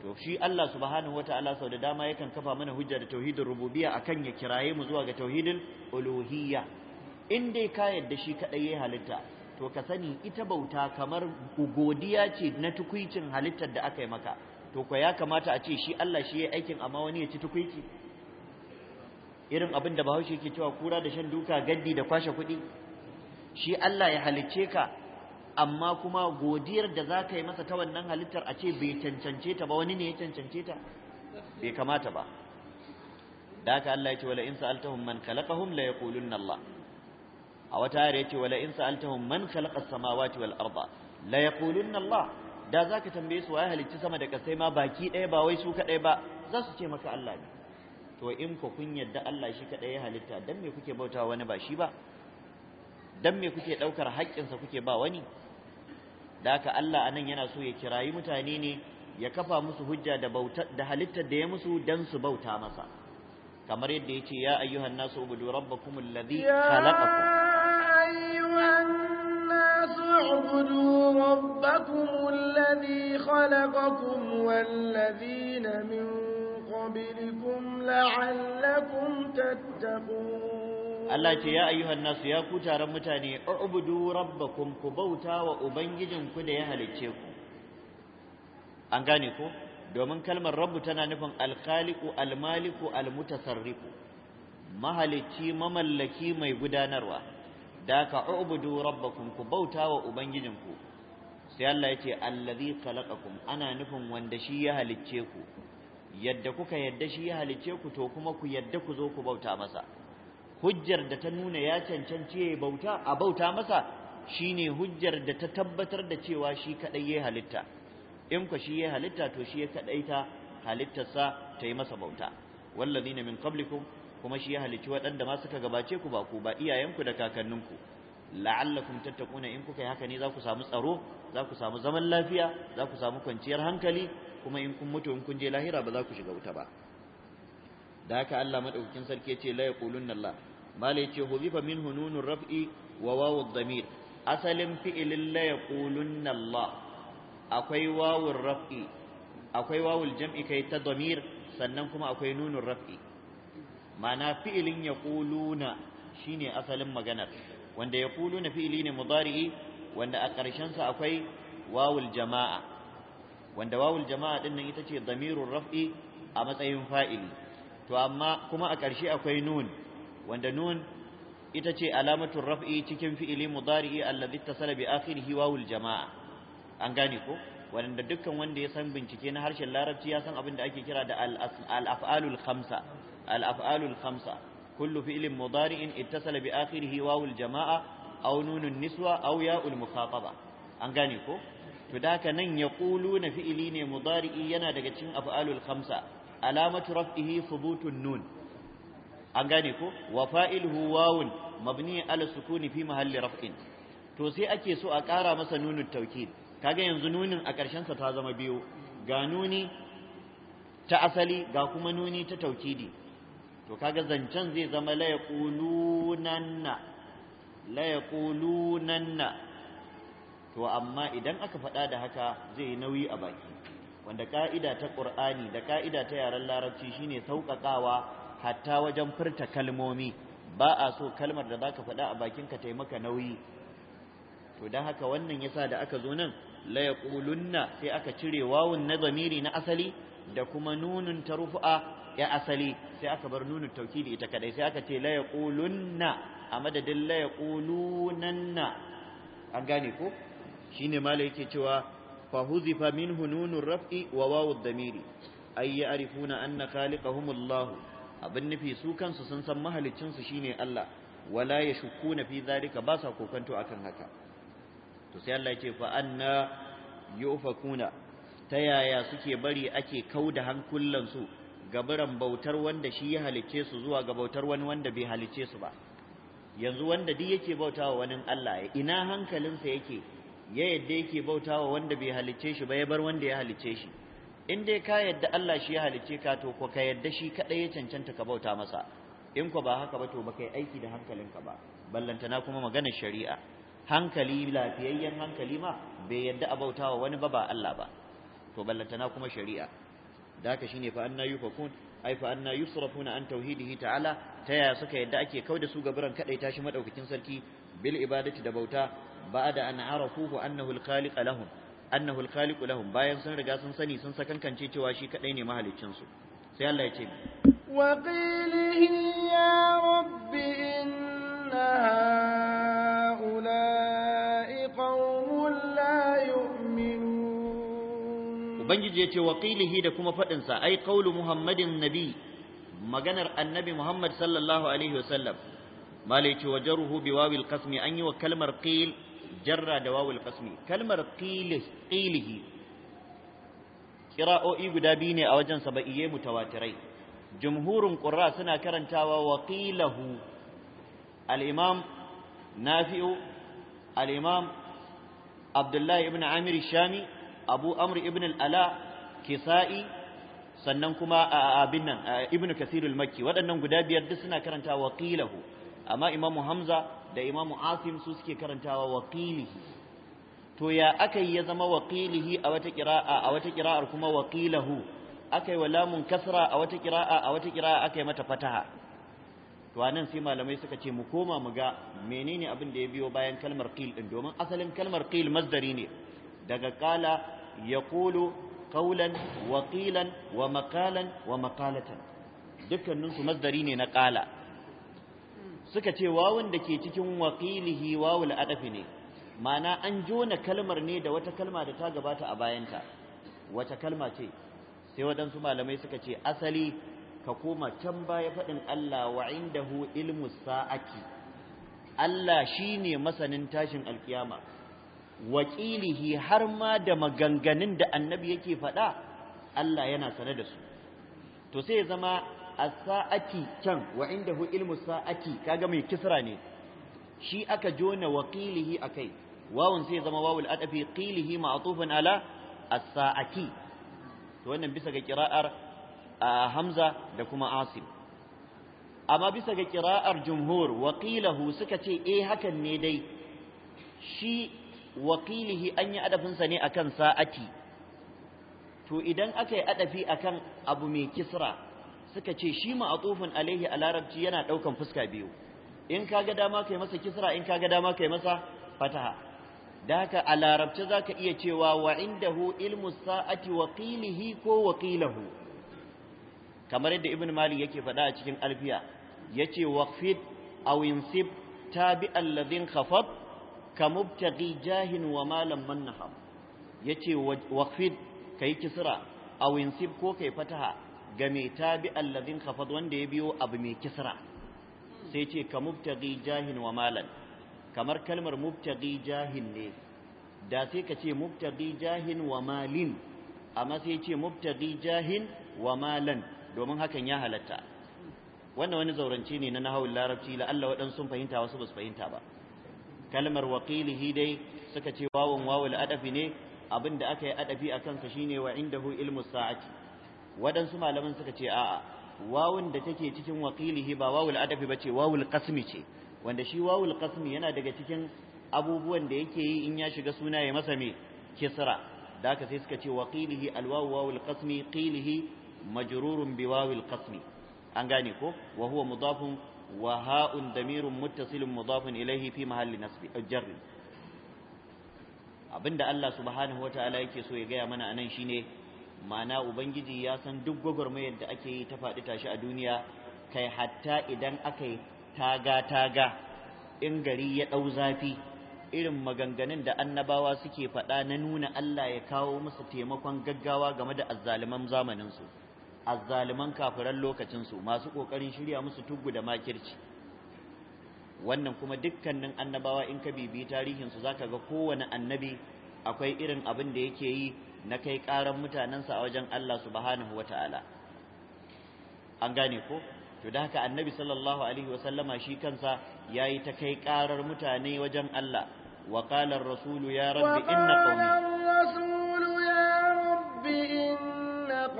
S3: to shi Allah subhanahu wataala sau da dama yakan kafa mana hujja da tauhidin rububiyya akan ya kiraye mu zuwa ga tauhidin uluhiyya in dai ka yadda shi kadai yayi halitta to ka sani ita bauta kamar godiya ce na tukuicin halittar da aka yi maka to ko ya kamata a ce shi Allah shi ya aikin amma wani ya ci tukuiki irin abin da Bahaushe ke cewa kura da shan duka gaddi da kwashe kuɗi shi Allah ya halicce ka amma kuma godiyar da za ka yi masa ta wannan halittar a ce bai cancance ta ba wani ne ya cancance ta bai kamata ba da haka Allah ya ce wala in sa'altahum man khalaqahum la yaqulunna Allah a wata ayar ya ce wala in sa'altahum man khalaqa as-samawati wal arda la yaqulunna Allah da za ka tambaye su waye halicci sama da ƙasai ma baki ɗaya ba wai su kaɗai ba za su ce maka Allah ne to in ku kun yadda Allah shi kaɗai ya halitta dan me kuke bauta wani ba shi ba dan me kuke ɗaukar haƙƙinsa kuke ba wani da haka Allah anan yana so ya kirayi mutane ne ya kafa musu hujja da bauta da halittar da ya musu dan su bauta masa kamar yadda yace ya ayyuhan nasu ubudu rabbakumul ladhi khalaqakum
S2: ya ayyuhan فاعبدوا ربكم الذي خلقكم والذين من قبلكم لعلكم تتقون Allah ce
S3: ya ayyuhan nasu ya ku taron mutane ubudu rabbakum ku bauta wa ubangijinku da ya halicce ku an gane ko domin kalmar rabbu tana nufin alkhaliqu almaliku almutasarrifu mahalicci mamallaki mai gudanarwa da ka ubudu rabbakum ku bauta wa ubangijinku sai Allah ya ce allazi khalaqakum ana nufin wanda shi ya halicce ku yadda kuka yadda shi ya halicce ku to kuma ku yadda ku zo ku bauta masa hujjar da ta nuna ya cancanci ya bauta a bauta masa shine hujjar da ta tabbatar da cewa shi kadai ya halitta in ku shi ya halitta to shi ya kadai ta halittarsa ta yi masa bauta wallazina min qablikum kuma shi ya halici waɗanda ma suka gabace ku ba ku ba iyayenku da kakanninku la'allakum tattaquna in kuka yi haka ne za ku samu tsaro za ku samu zaman lafiya za ku samu kwanciyar hankali kuma in kun mutu in kun je lahira ba za ku shiga wuta ba da haka Allah madaukakin sarki yace la yaqulunna Allah mala yace huzifa min hununur raf'i wa wawu dhamir asalin fi'ilin la yaqulunna Allah akwai wawul raf'i akwai wawul jam'i kai ta damir sannan kuma akwai nunur raf'i ma'ana fi'ilin shi ne asalin maganar wanda yaquluna fi'ili ne mudari'i wanda a ƙarshen sa akwai wawul jama'a wanda wawul jama'a ɗin nan ita ce zamirun raf'i a matsayin fa'ili to amma kuma a ƙarshe akwai nun wanda nun ita ce alamatul raf'i cikin fi'ili mudari'i allazi tasala bi akhirihi wawul jama'a an gane ko wanda dukkan wanda ya san bincike na harshen larabci ya san abin da ake kira da al-af'alul khamsa الافعال الخمسه كل فعل مضارع اتصل باخره واو الجماعه او نون au او ياء المخاطبه ان غني كو to da haka nan ya ƙulu na fi’ili ne mudari’i yana daga cin afu’alul khamsa alamatu raf’ihi subutun nun an gane ko wa fa’il huwawun mabni al-sukuni fi mahalli raf’in to sai ake so a ƙara masa nunin tauki kaga yanzu nunin a ƙarshensa ta zama biyu ga nuni ta asali ga kuma nuni ta taukidi to kaga zancen zai zama la yaqulunanna la yaqulunanna to amma idan aka faɗa da haka zai yi nauyi a baki wanda ka'ida ta ƙur'ani da ka'ida ta yaren larabci shine sauƙaƙawa hatta wajen furta kalmomi ba a so kalmar da zaka faɗa a bakin ka taimaka nauyi to dan haka wannan yasa da aka zo nan la yaqulunna sai aka cire wawun na zamiri na asali da kuma nunun ta rufu'a ya asali sai aka bar nunin tawkidi ita kadai sai aka ce la yaqulunna a madadin la yaqulunanna an gane ko shine malai yake cewa fa huzifa min hununur raf'i wa wawu damiri ay ya'rifuna anna khaliqahum Allah abin nufi su kansu sun san mahalicin su shine Allah wala yashukuna fi zalika ba sa kokanto akan haka to sai Allah yake fa anna yufakuna ta yaya suke bari ake kauda hankulansu? gaburan bautar wanda shi ya halicce su zuwa ga bautar wani wanda bai halicce su ba yanzu wanda duk yake bautawa wani Allah ina hankalinsa yake ya yadda yake bautawa wanda bai halicce shi ba ya bar wanda ya halicce shi in dai ka yadda Allah shi ya halicce ka to ko ka yadda shi kadai ya cancanta ka bauta masa in ko ba haka ba to ba kai aiki da hankalinka ba ballantana kuma maganar shari'a hankali lafiyayyen hankali ma bai yadda a bautawa wani ba ba Allah ba to ballantana kuma shari'a da haka shine fa anna yufakun ai fa anna yusrafuna an tauhidihi ta'ala ta yaya suka yadda ake kau da su gaburan kadai tashi madaukakin sarki bil ibadati da bauta ba'da an arafuhu annahu al-khaliq lahum annahu al-khaliq lahum bayan sun riga sun sani sun sakankance cewa shi kadai ne mahaliccin su sai Allah ya ce
S2: wa qilihi ya rabbi inna
S3: ubangiji yace waqilihi da kuma fadin sa ai qaulu muhammadin nabi maganar annabi muhammad sallallahu alaihi wasallam malai yace wajaruhu biwawil qasmi an yi wa kalmar qil jarra da wawul qasmi kalmar qilih qilihi qira'o'i guda biyu ne a wajen sabaiye mutawatirai jumhurun qurra suna karantawa wa qilahu al-imam nafi'u al-imam abdullahi ibn amir shami abu amr ibn al-ala kisa'i sannan kuma abin nan ibn kasir makki waɗannan guda biyar duk suna karantawa waqilahu amma imamu hamza da imamu asim su suke karantawa waqilihi to ya akai ya zama waqilihi a wata qira'a a wata qira'ar kuma waqilahu akai wa lamun kasra a wata ƙira'a a wata aka yi mata fataha to anan sai malamai suka ce mu koma mu ga menene abin da ya biyo bayan kalmar ƙil ɗin domin asalin kalmar qil masdari ne daga kala يقول قولا وقيلا ومقالا wa maqalan wa ne na ƙala suka ce wawun da ke cikin waqilihi wawul adafi ne mana an jona kalmar ne da wata kalma da ta gabata a bayanta wata kalma ce sai waɗansu malamai suka ce asali ka koma can baya faɗin Allah wa indahu ilmu sa'ati Allah shine masanin tashin alkiyama waƙilihi har ma da maganganun da annabi yake faɗa Allah yana sane da su to sai zama a sa'ati can wa indahu ilmu sa'ati kaga mai kisra ne shi aka jona waƙilihi kai wawun sai zama wawul adafi qilihi ma'tufun ala as-sa'ati to wannan bisa ga kira'ar Hamza da kuma Asim amma bisa ga kira'ar jumhur wakilahu suka ce eh hakan ne dai shi wakilihi an yi adafinsa ne akan sa'ati to idan aka yi adafi akan abu mai kisra suka ce shi ma'atufin alaihi a larabci yana ɗaukan fuska biyu in ka ga dama kai masa kisra in ka ga dama kai masa fataha da haka a larabci za ka iya cewa wa indahu ilmu sa'ati wakilihi ko wakilahu kamar yadda ibn mali yake faɗa a cikin alfiya yace waqfid aw insib tabi'al ladhin khafad kamubtaghi jahin wa malam mannaha yace waqfid kai kisra aw insib ko kai fataha ga mai tabi alladhin khafad wanda ya biyo abu mai kisra sai ce kamubtaghi jahin wa malan kamar kalmar mubtaghi jahin ne da sai ka ce mubtaghi jahin wa malin amma sai ce mubtaghi jahin wa malan domin hakan ya halatta wannan wani zaurance ne na nahawul larabci la Allah waɗansu sun fahimta wasu ba su fahimta ba kalmar waqilihi dai suka ce wawan wawul adafi ne abin da aka yi adafi a kansa shine wa hu ilmu sa'ati waɗansu malaman suka ce a'a wawun da take cikin waqilihi ba wawul adafi ba ce wawul qasmi ce wanda shi wawul qasmi yana daga cikin abubuwan da yake yi in ya shiga suna ya masa me kisra da haka sai suka ce waqilihi alwawu wawul qasmi qilihi majrurun bi wawil qasmi an gane ko wa huwa mudafun وهاء ضمير متصل مضاف إليه في محل نصب الجر abinda Allah subhanahu wataala yake so ya gaya mana anan shine mana ubangiji ya san duk gwagwarmayar da ake yi ta faɗi tashi a duniya kai hatta idan aka taga taga in gari ya ɗau zafi irin maganganun da annabawa suke faɗa na nuna Allah ya kawo musu taimakon gaggawa game da azzaluman zamaninsu su azzaliman kafiran lokacinsu masu ƙoƙarin shirya musu tuggu da makirci wannan kuma dukkanin annabawa in ka bibi tarihinsu za ka ga kowane annabi akwai irin abin da yake yi na kai ƙaran mutanensa a wajen Allah subhanahu wa ta'ala an gane ko to da haka annabi sallallahu alaihi wasallama shi kansa yayi ta kai ƙarar mutane wajen Allah wa qala rasulu ya rabbi inna qaumi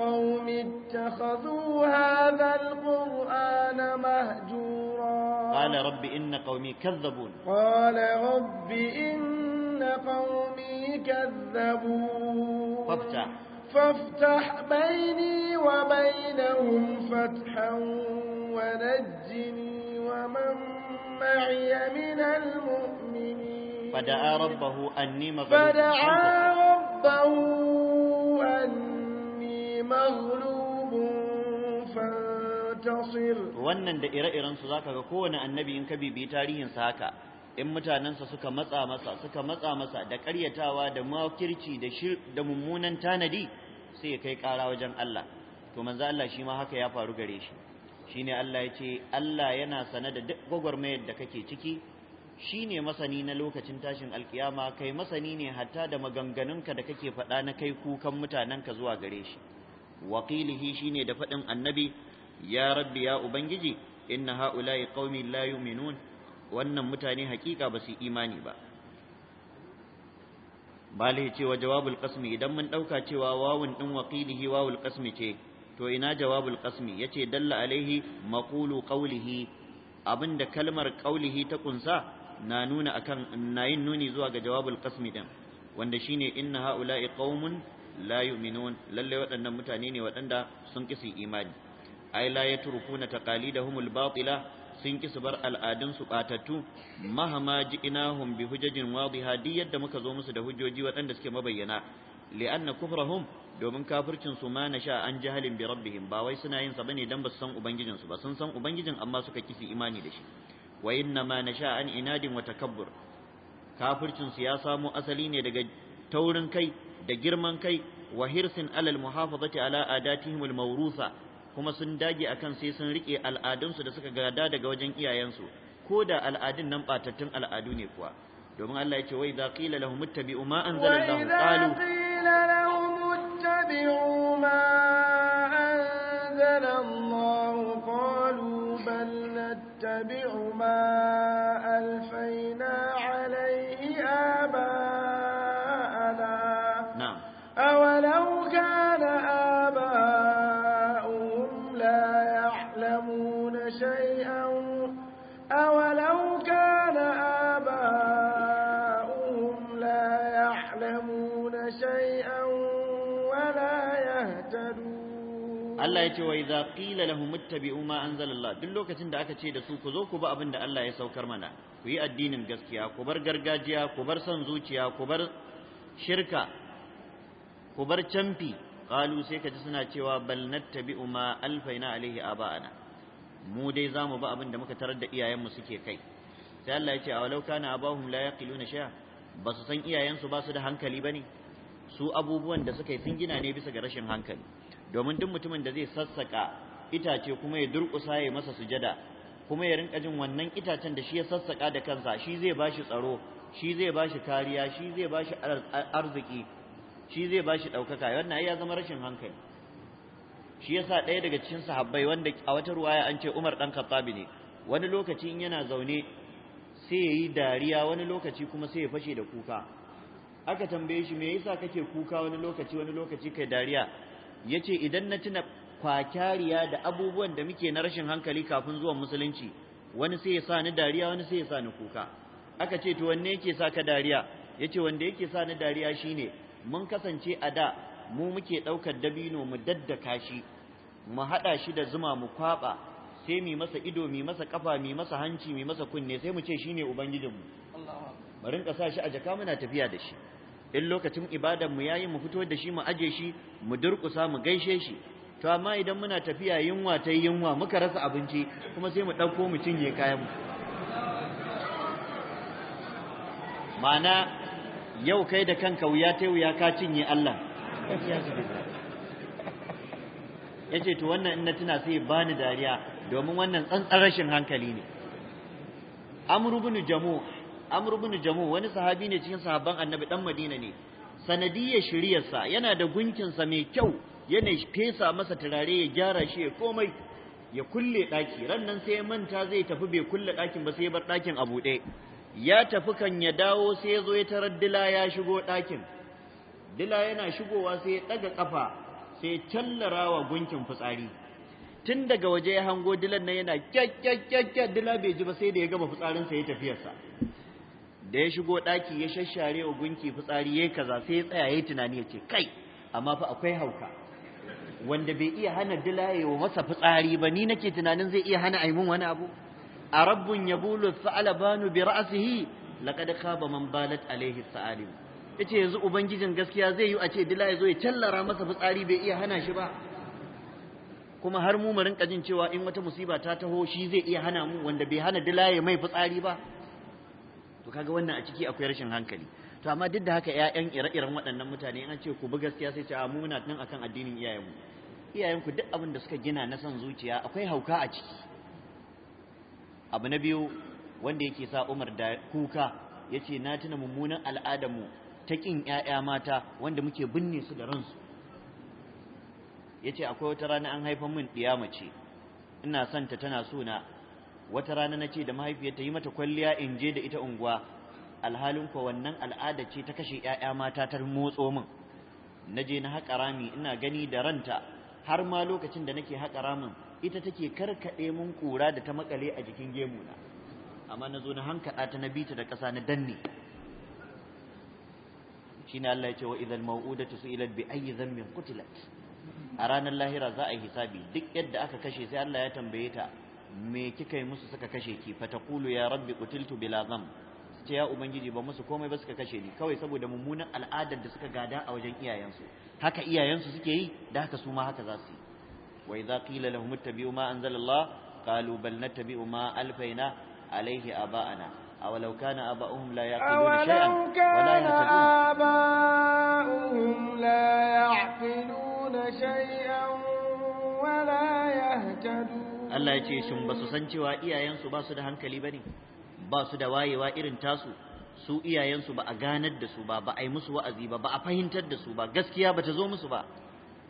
S2: القوم اتخذوا هذا القرآن مهجورا قال
S3: رب إن قومي كذبون
S2: قال رب إن قومي كذبون فافتح فافتح بيني وبينهم فتحا ونجني ومن معي من المؤمنين
S3: فدعا ربه أني مغلوب
S2: فدعا ربه أني مغلوب فانتصر wannan
S3: da ire-iren su zaka ga kowane annabi in ka bibi tarihin sa haka in mutanensa suka matsa masa suka matsa masa da ƙaryatawa da makirci da shir da mummunan tanadi sai ya kai ƙara wajen Allah to manzo Allah shi ma haka ya faru gare shi shine Allah ya ce Allah yana sane da duk gwagwarmayar da kake ciki shine masani na lokacin tashin alkiyama kai masani ne hatta da maganganunka da kake faɗa na kai kukan mutanenka zuwa gare shi waqilihi shine da faɗin annabi ya rabbi ya ubangiji inna haula'i qaumi la yu'minun wannan mutane hakika ba su imani ba bale cewa jawabul qasmi idan mun dauka cewa wawun din waqilihi wawul qasmi ce to ina jawabul qasmi yace dalla alaihi maqulu qawlihi abinda kalmar qawlihi ta kunsa na nuna akan na yin nuni zuwa ga jawabul qasmi din wanda shine inna haula'i qaumun la yu'minun lalle waɗannan mutane ne waɗanda sun kisi imani ai la yatrukuna taqalidahumul batila sun kisi bar al'adun su batattu mahama ji'inahum bi hujajin wadiha yadda muka zo musu da hujjoji waɗanda suke mabayyana li'anna kufrahum domin kafircin su ma nasha an jahalin bi rabbihim ba wai suna yin sa bane dan ba su san ubangijin su ba sun san ubangijin amma suka kisi imani da shi wa inna ma nasha an inadin wa takabbur kafircin su ya samo asali ne daga taurin kai da girman kai wa hirsin alal muhafazati ala adatihim almawrusa kuma sun dage akan sai sun rike al'adunsu da suka gada daga wajen iyayensu ko da al'adun nan batattun al'adu ne kuwa domin Allah ya ce wai idza qila lahum ittabi'u ma anzalallahu qalu
S2: qila lahum ma qalu bal nattabi'u ma
S3: Allah ya ce wa idza qila lahum ittabi'u ma anzalallah duk lokacin da aka ce da su ku zo ku bi abin da Allah ya saukar mana ku yi addinin gaskiya ku bar gargajiya ku bar son zuciya ku bar shirka ku bar camfi qalu sai ka ji suna cewa bal nattabi'u ma alfaina alaihi aba'ana mu dai zamu bi abin da muka tarar da iyayenmu suke kai sai Allah ya ce awalau kana abahum la yaqiluna shaya ba su san iyayensu ba su da hankali bane su abubuwan da suka yi sun gina ne bisa ga rashin hankali domin duk mutumin da zai sassaka itace kuma ya durƙusa ya masa sujada kuma ya rinka jin wannan itacen da shi ya sassaka da kansa shi zai bashi tsaro shi zai bashi kariya shi zai bashi arziki shi zai bashi ɗaukaka wannan ya zama rashin hankali shi yasa ɗaya daga cikin sahabbai wanda a wata ruwaya an ce Umar dan Khattabi ne wani lokaci in yana zaune sai yayi dariya wani lokaci kuma sai ya fashe da kuka aka tambaye shi me yasa kake kuka wani lokaci wani lokaci kai dariya yace idan na tuna kwakyariya da abubuwan da muke na rashin hankali kafin zuwan musulunci wani sai ya sa ni dariya wani sai ya sa ni kuka aka ce to wanne yake sa ka dariya yace wanda yake sa ni dariya shine mun kasance a da mu muke ɗaukar dabino mu daddaka shi mu haɗa shi da zuma mu kwaɓa sai mu masa ido mu masa kafa mu masa hanci mu masa kunne sai mu ce shine ubangijinmu mu rinka sa shi a jaka muna tafiya da shi in lokacin ibadar mu yayi mu fito da shi mu aje shi mu durƙusa mu gaishe shi to amma idan muna tafiya yunwa ta yunwa muka rasa abinci kuma sai mu ɗauko mu cinye kayan mu ma'ana yau kai da kanka wuya ta wuya ka cinye Allah yace to wannan in na tuna sai bani dariya domin wannan tsantsan rashin hankali ne amru bin jamu' amr ibn jamu wani sahabi ne cikin sahabban annabi dan madina ne sanadiyya shiriyarsa yana da gunkin sa mai kyau yana fesa masa turare ya gyara shi ya komai ya kulle ɗaki rannan sai ya manta zai tafi bai kulle dakin ba sai ya bar ɗakin a buɗe ya tafi kan ya dawo sai ya zo ya tarar dila ya shigo ɗakin dila yana shigowa sai ya ɗaga ƙafa sai tallara gunkin fitsari tun daga waje ya hango dilan nan yana kyakkyakkyakkyak dila bai ji ba sai da ya gama fitsarinsa ya tafiyarsa da ya shigo ɗaki ya shashare wa gunki fitsari yi kaza sai ya tsaya yayi tunani ya ce kai amma fa akwai hauka wanda bai iya hana dilaye wa masa fitsari ba ni nake tunanin zai iya hana aimun wani abu a rabbun yabulu banu bi ra'sihi laqad khaba man balat alaihi sa'alim yace yanzu ubangijin gaskiya zai yi a ce dilaye zo ya tallara masa fitsari bai iya hana shi ba kuma har mu mu rinka jin cewa in wata musiba ta taho shi zai iya hana mu wanda bai hana dilaye mai fitsari ba to kaga wannan a ciki akwai rashin hankali to amma duk da haka ƴaƴan ire-iren waɗannan mutane an ce ku bi gaskiya sai ce a mu muna nan akan addinin iyayenmu iyayenku duk abin da suka gina na san zuciya akwai hauka a ciki abu na biyu wanda yake sa Umar da kuka yace na tuna mummunan al'adarmu ta kin 'ya'ya mata wanda muke binne su da ransu yace akwai wata rana an haifa min ɗiya mace ina santa tana suna. wata rana na ce da mahaifiyarta yi mata kwalliya in je da ita unguwa alhalin ko wannan al'ada ce ta kashe 'ya'ya mata ta motso min na je na haƙa rami ina gani da ranta har ma lokacin da nake haƙa ramin ita take karkaɗe mun ƙura da ta makale a jikin na. amma na zo na hankaɗa ta na bita da ƙasa na danne shine Allah ya ce wa idhal maw'udatu su'ilat bi ayyi dhanbin qutilat a ranar lahira za a yi hisabi duk yadda aka kashe sai Allah ya tambaye ta me kika yi musu suka kashe ki fataqulu ya rabbi qutiltu bila zam ce ya ubangiji ba musu komai ba suka kashe ni kawai saboda mummunan al'adar da suka gada a wajen iyayensu haka iyayensu suke yi da haka su ma haka za su yi wa idza qila lahum ittabi'u ma anzalallah qalu bal nattabi'u ma alfayna alayhi aba'ana awalau kana aba'uhum la yaqiluna shay'an wa la yahtadun Allah ya ce shin ba su san cewa iyayensu ba su da hankali ba ne ba su da wayewa irin tasu su iyayensu ba a ganar da su ba ba a yi musu wa'azi ba ba a fahimtar da su ba gaskiya ba ta zo musu ba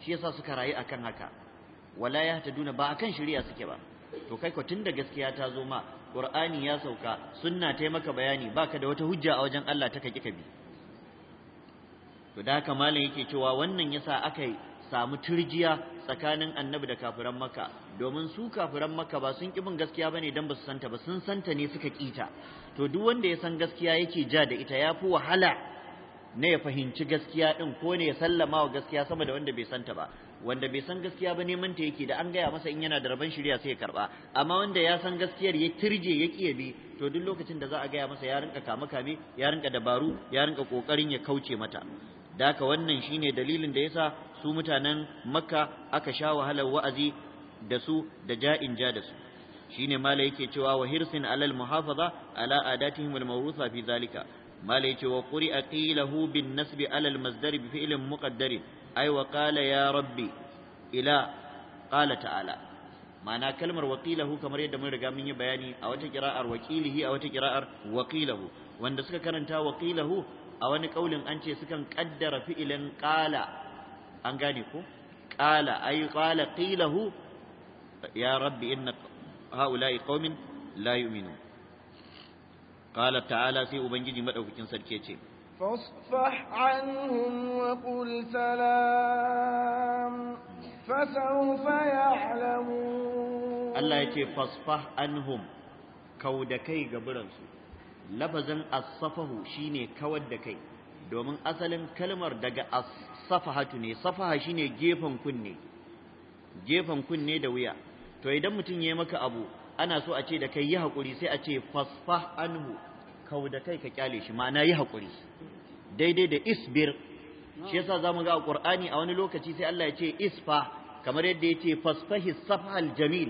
S3: shi yasa suka rayu akan haka wala ya ta duna ba akan shari'a suke ba to kai ko tunda gaskiya ta zo ma qur'ani ya sauka sunna ta maka bayani baka da wata hujja a wajen Allah ta kaki ka bi to da haka malam yake cewa wannan yasa aka samu turjiya tsakanin annabi da kafiran maka domin su kafiran maka ba sun ƙi bin gaskiya bane dan ba su santa ba sun santa ne suka kita to duk wanda ya san gaskiya yake ja da ita yafi wahala ne ya fahimci gaskiya din ko ne ya sallama wa gaskiya sama da wanda bai santa ba wanda bai san gaskiya ba neman ta yake da an gaya masa in yana da rabon shirya sai ya karba amma wanda ya san gaskiyar ya tirje ya kiye bi to duk lokacin da za a gaya masa ya rinka kame kame ya rinka dabaru ya rinka kokarin ya kauce mata daka wannan shine dalilin da yasa su mutanen makka aka sha wahalar wa'azi da su da ja'in ja da su shine mala yake cewa wa hirsin alal muhafaza ala adatihim al mawrusa fi zalika mala yake wa quri'a qilahu bin nasbi alal masdari bi fi'lin muqaddari ay wa qala ya rabbi ila qala ta'ala ma'ana kalmar waqilahu kamar yadda mun riga mun yi bayani a wata qira'ar waqilihi a wata qira'ar waqilahu wanda suka karanta waqilahu a wani kaulin an ce sukan kaddara fi'ilin qala an gane ko qala ay qala qilahu ya rabbi inna haula'i qaumin la yu'minun qala ta'ala sai ubangiji madaukakin sarki yace
S2: فاصفح عنهم وقل سلام فسوف يعلمون
S3: الله يتي فاصفح عنهم كودكي قبرنسو لفظا الصفه شيني كودكي domin asalin kalmar daga safahatu ne safaha shine gefen kunne gefen kunne da wuya to idan mutum ya maka abu ana so a ce da kai yi hakuri sai a ce fasfah anhu kau da kai ka kyale shi ma'ana yi hakuri daidai da isbir shi yasa zamu ga a Qur'ani a wani lokaci sai Allah ya ce isfa kamar yadda ya ce fasfahis safhal jamil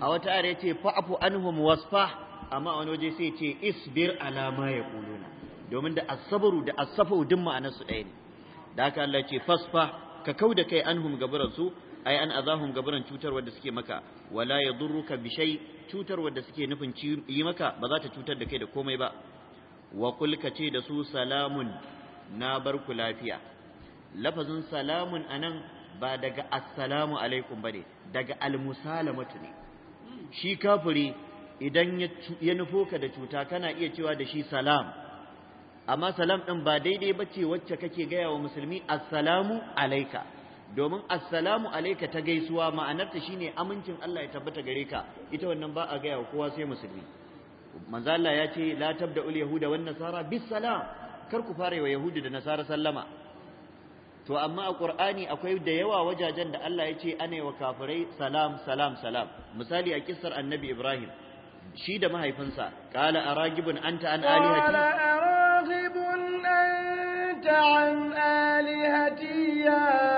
S3: a wata ayar ya ce fa'fu anhum wasfah amma a wani waje sai ya ce isbir ala ma yaquluna domin da asabaru da asafu din ma'anar su ɗaya ne da haka Allah ce fasfa ka kau da kai anhum gabaran su ai an azahum gabaran cutar wanda suke maka wala yadurruka bi shay cutar wanda suke nufin yi maka ba za ta cutar da kai da komai ba wa kul ka ce da su salamun na bar ku lafiya lafazin salamun anan ba daga assalamu alaikum bane daga almusalamatu ne shi kafiri idan ya nufo ka da cuta kana iya cewa da shi salam amma salam ɗin ba daidai ba ce wacce kake gaya wa musulmi assalamu alaika domin assalamu alaika ta gaisuwa ma'anarta shine amincin Allah ya tabbata gare ka ita wannan ba a gaya wa kowa sai musulmi manzo Allah ya ce la ul yahuda wan nasara bis salam kar ku fara wa yahudi da nasara sallama to amma a qur'ani akwai da yawa wajajen da Allah ya ce ana wa kafirai salam salam salam misali a kissar annabi ibrahim shi da mahaifinsa qala aragibun anta an alihati
S2: راغب أنت عن آلهتي يا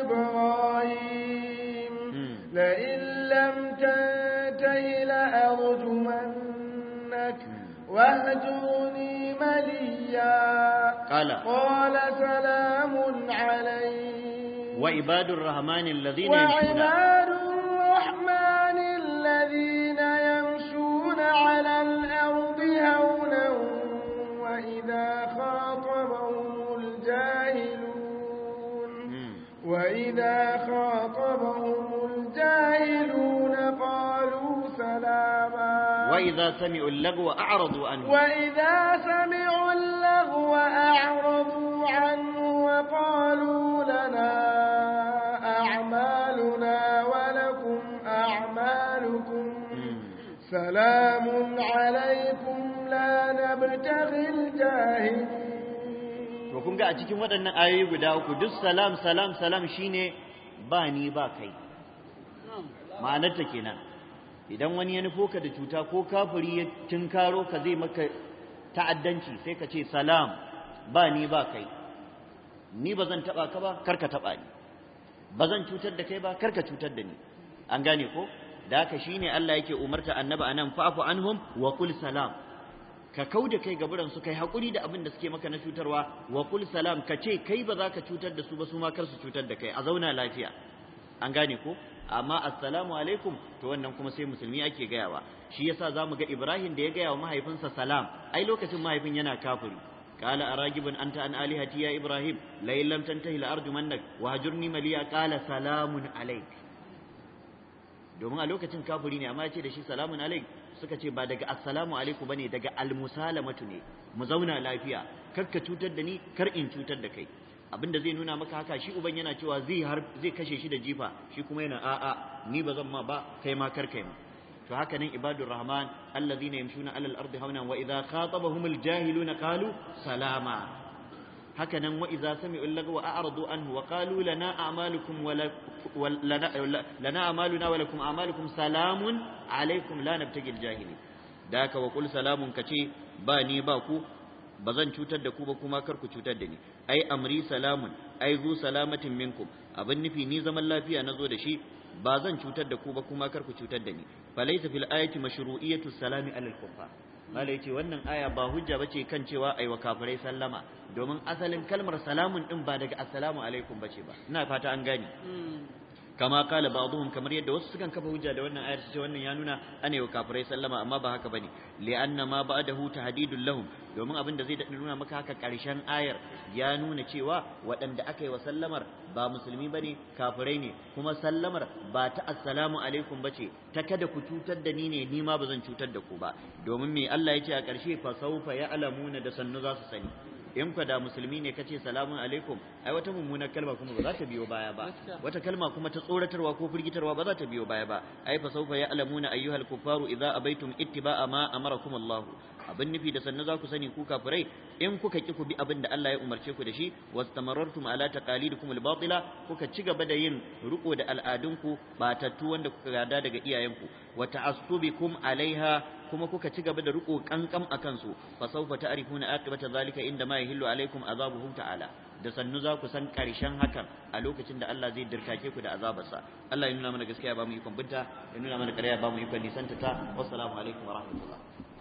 S2: إبراهيم لئن لم تنته لأرجمنك واهجرني مليا قال قال سلام عليك
S3: وعباد الرحمن الذين يمشون وعباد
S2: إذا خاطبهم الجاهلون قالوا سلاما وإذا
S3: سمعوا اللغو أعرضوا عنه
S2: وإذا سمعوا اللغو أعرضوا عنه وقالوا لنا أعمالنا ولكم أعمالكم
S3: سلام
S2: عليكم لا نبتغي الجاهلين
S3: kun ga a cikin waɗannan ayoyi guda uku duk salam salam salam shine ba ni ba kai ma'anarta kenan idan wani ya nufo ka da cuta ko kafiri ya tinkaro ka zai maka ta'addanci sai ka ce salam ba ni ba kai ni ba zan taɓa ka ba kar ka taɓa ni ba zan cutar da kai ba kar ka cutar da ni an gane ko da haka shine Allah yake umarta annabi anan fa'fu anhum wa qul salam ka kau da kai gaburan su kai hakuri da abin da suke maka na cutarwa wa kul salam ka ce kai ba za ka cutar da su ba su ma kar su cutar da kai a zauna lafiya an gane ko amma assalamu alaikum to wannan kuma sai musulmi ake gayawa shi yasa zamu ga Ibrahim da ya gaya wa mahaifinsa salam ai lokacin mahaifin yana kafiri an alihati ya ibrahim آلهتي lam tantahi لئن لم mannak wa hajurni maliya qala salamun عليك domin a lokacin kafiri ne amma ya ce da shi salamun alaik suka ce ba daga assalamu alaikum bane daga almusalamatu ne mu zauna lafiya kar ka cutar da ni kar in cutar da kai abinda zai nuna maka haka shi uban yana cewa zai har zai kashe shi da jifa shi kuma yana a'a ni ba zan ma ba kai ma kar kai ma to haka nan ibadur rahman allazina yamshuna alal ardi hauna wa idza khatabahumul jahiluna qalu salama هكذا وإذا سمعوا اللغو أعرضوا عنه وقالوا لنا أعمالكم ولنا لنا أعمالنا ولكم أعمالكم سلام عليكم لا نبتغي الجاهلين داك وقل سلام كتي باني باكو بزن تشوتر دكو بكو ما كركو تشوتر دني أي أمري سلام أي ذو سلامة منكم أبني في نظام الله في أنزو دشي بزن تشوتر دكو بكو ما كركو تشوتر دني فليس في الآية مشروعية السلام على الكفار malai ce wannan aya ba hujja bace kan cewa ai wa kafirai sallama domin asalin kalmar salamun din ba daga assalamu alaikum bace ba ina fata an gane hmm. kama kala ba'dhum kamar yadda wasu sukan kafa hujja da wannan ayar ce wannan ya nuna ana wa kafirai sallama amma ba haka bane li'anna ma ba'dahu tahdidul lahum domin abin da zai daɗi nuna maka haka ƙarshen ayar ya nuna cewa waɗanda aka yi wa sallamar ba musulmi ba ne kafirai ne kuma sallamar ba ta assalamu alaikum ba ce ta kada ku cutar da ni ne ni ma ba zan cutar da ku ba domin me Allah ya ce a ƙarshe fa saufa alamuna da sannu za su sani in ka da musulmi ne kace salamun alaikum ai wata mummunar kalma kuma ba za ta biyo baya ba wata kalma kuma ta tsoratarwa ko firgitarwa ba za ta biyo baya ba ai fa ya alamuna ayyuhal kuffaru idza abaitum ittiba'a ma amarakum Allah abin nufi da sannu za ku sani ku kafirai in kuka ki ku bi abin da Allah ya umarce ku da shi wastamarartum ala taqalidikum kuma batila kuka ci gaba da yin riko da al'adunku batattu wanda kuka gada daga iyayenku wa ta'assubikum alaiha kuma kuka ci gaba da riko kankam akan su fa sawfa ta'rifuna aqibata zalika inda ma yahillu alaikum azabuhum ta'ala da sannu za ku san karshen hakan a lokacin da Allah zai dirkake ku da azabarsa Allah ya nuna mana gaskiya ba mu yi kwambinta ya nuna mana ƙarya ba mu yi nisan ta wassalamu alaikum wa rahmatullah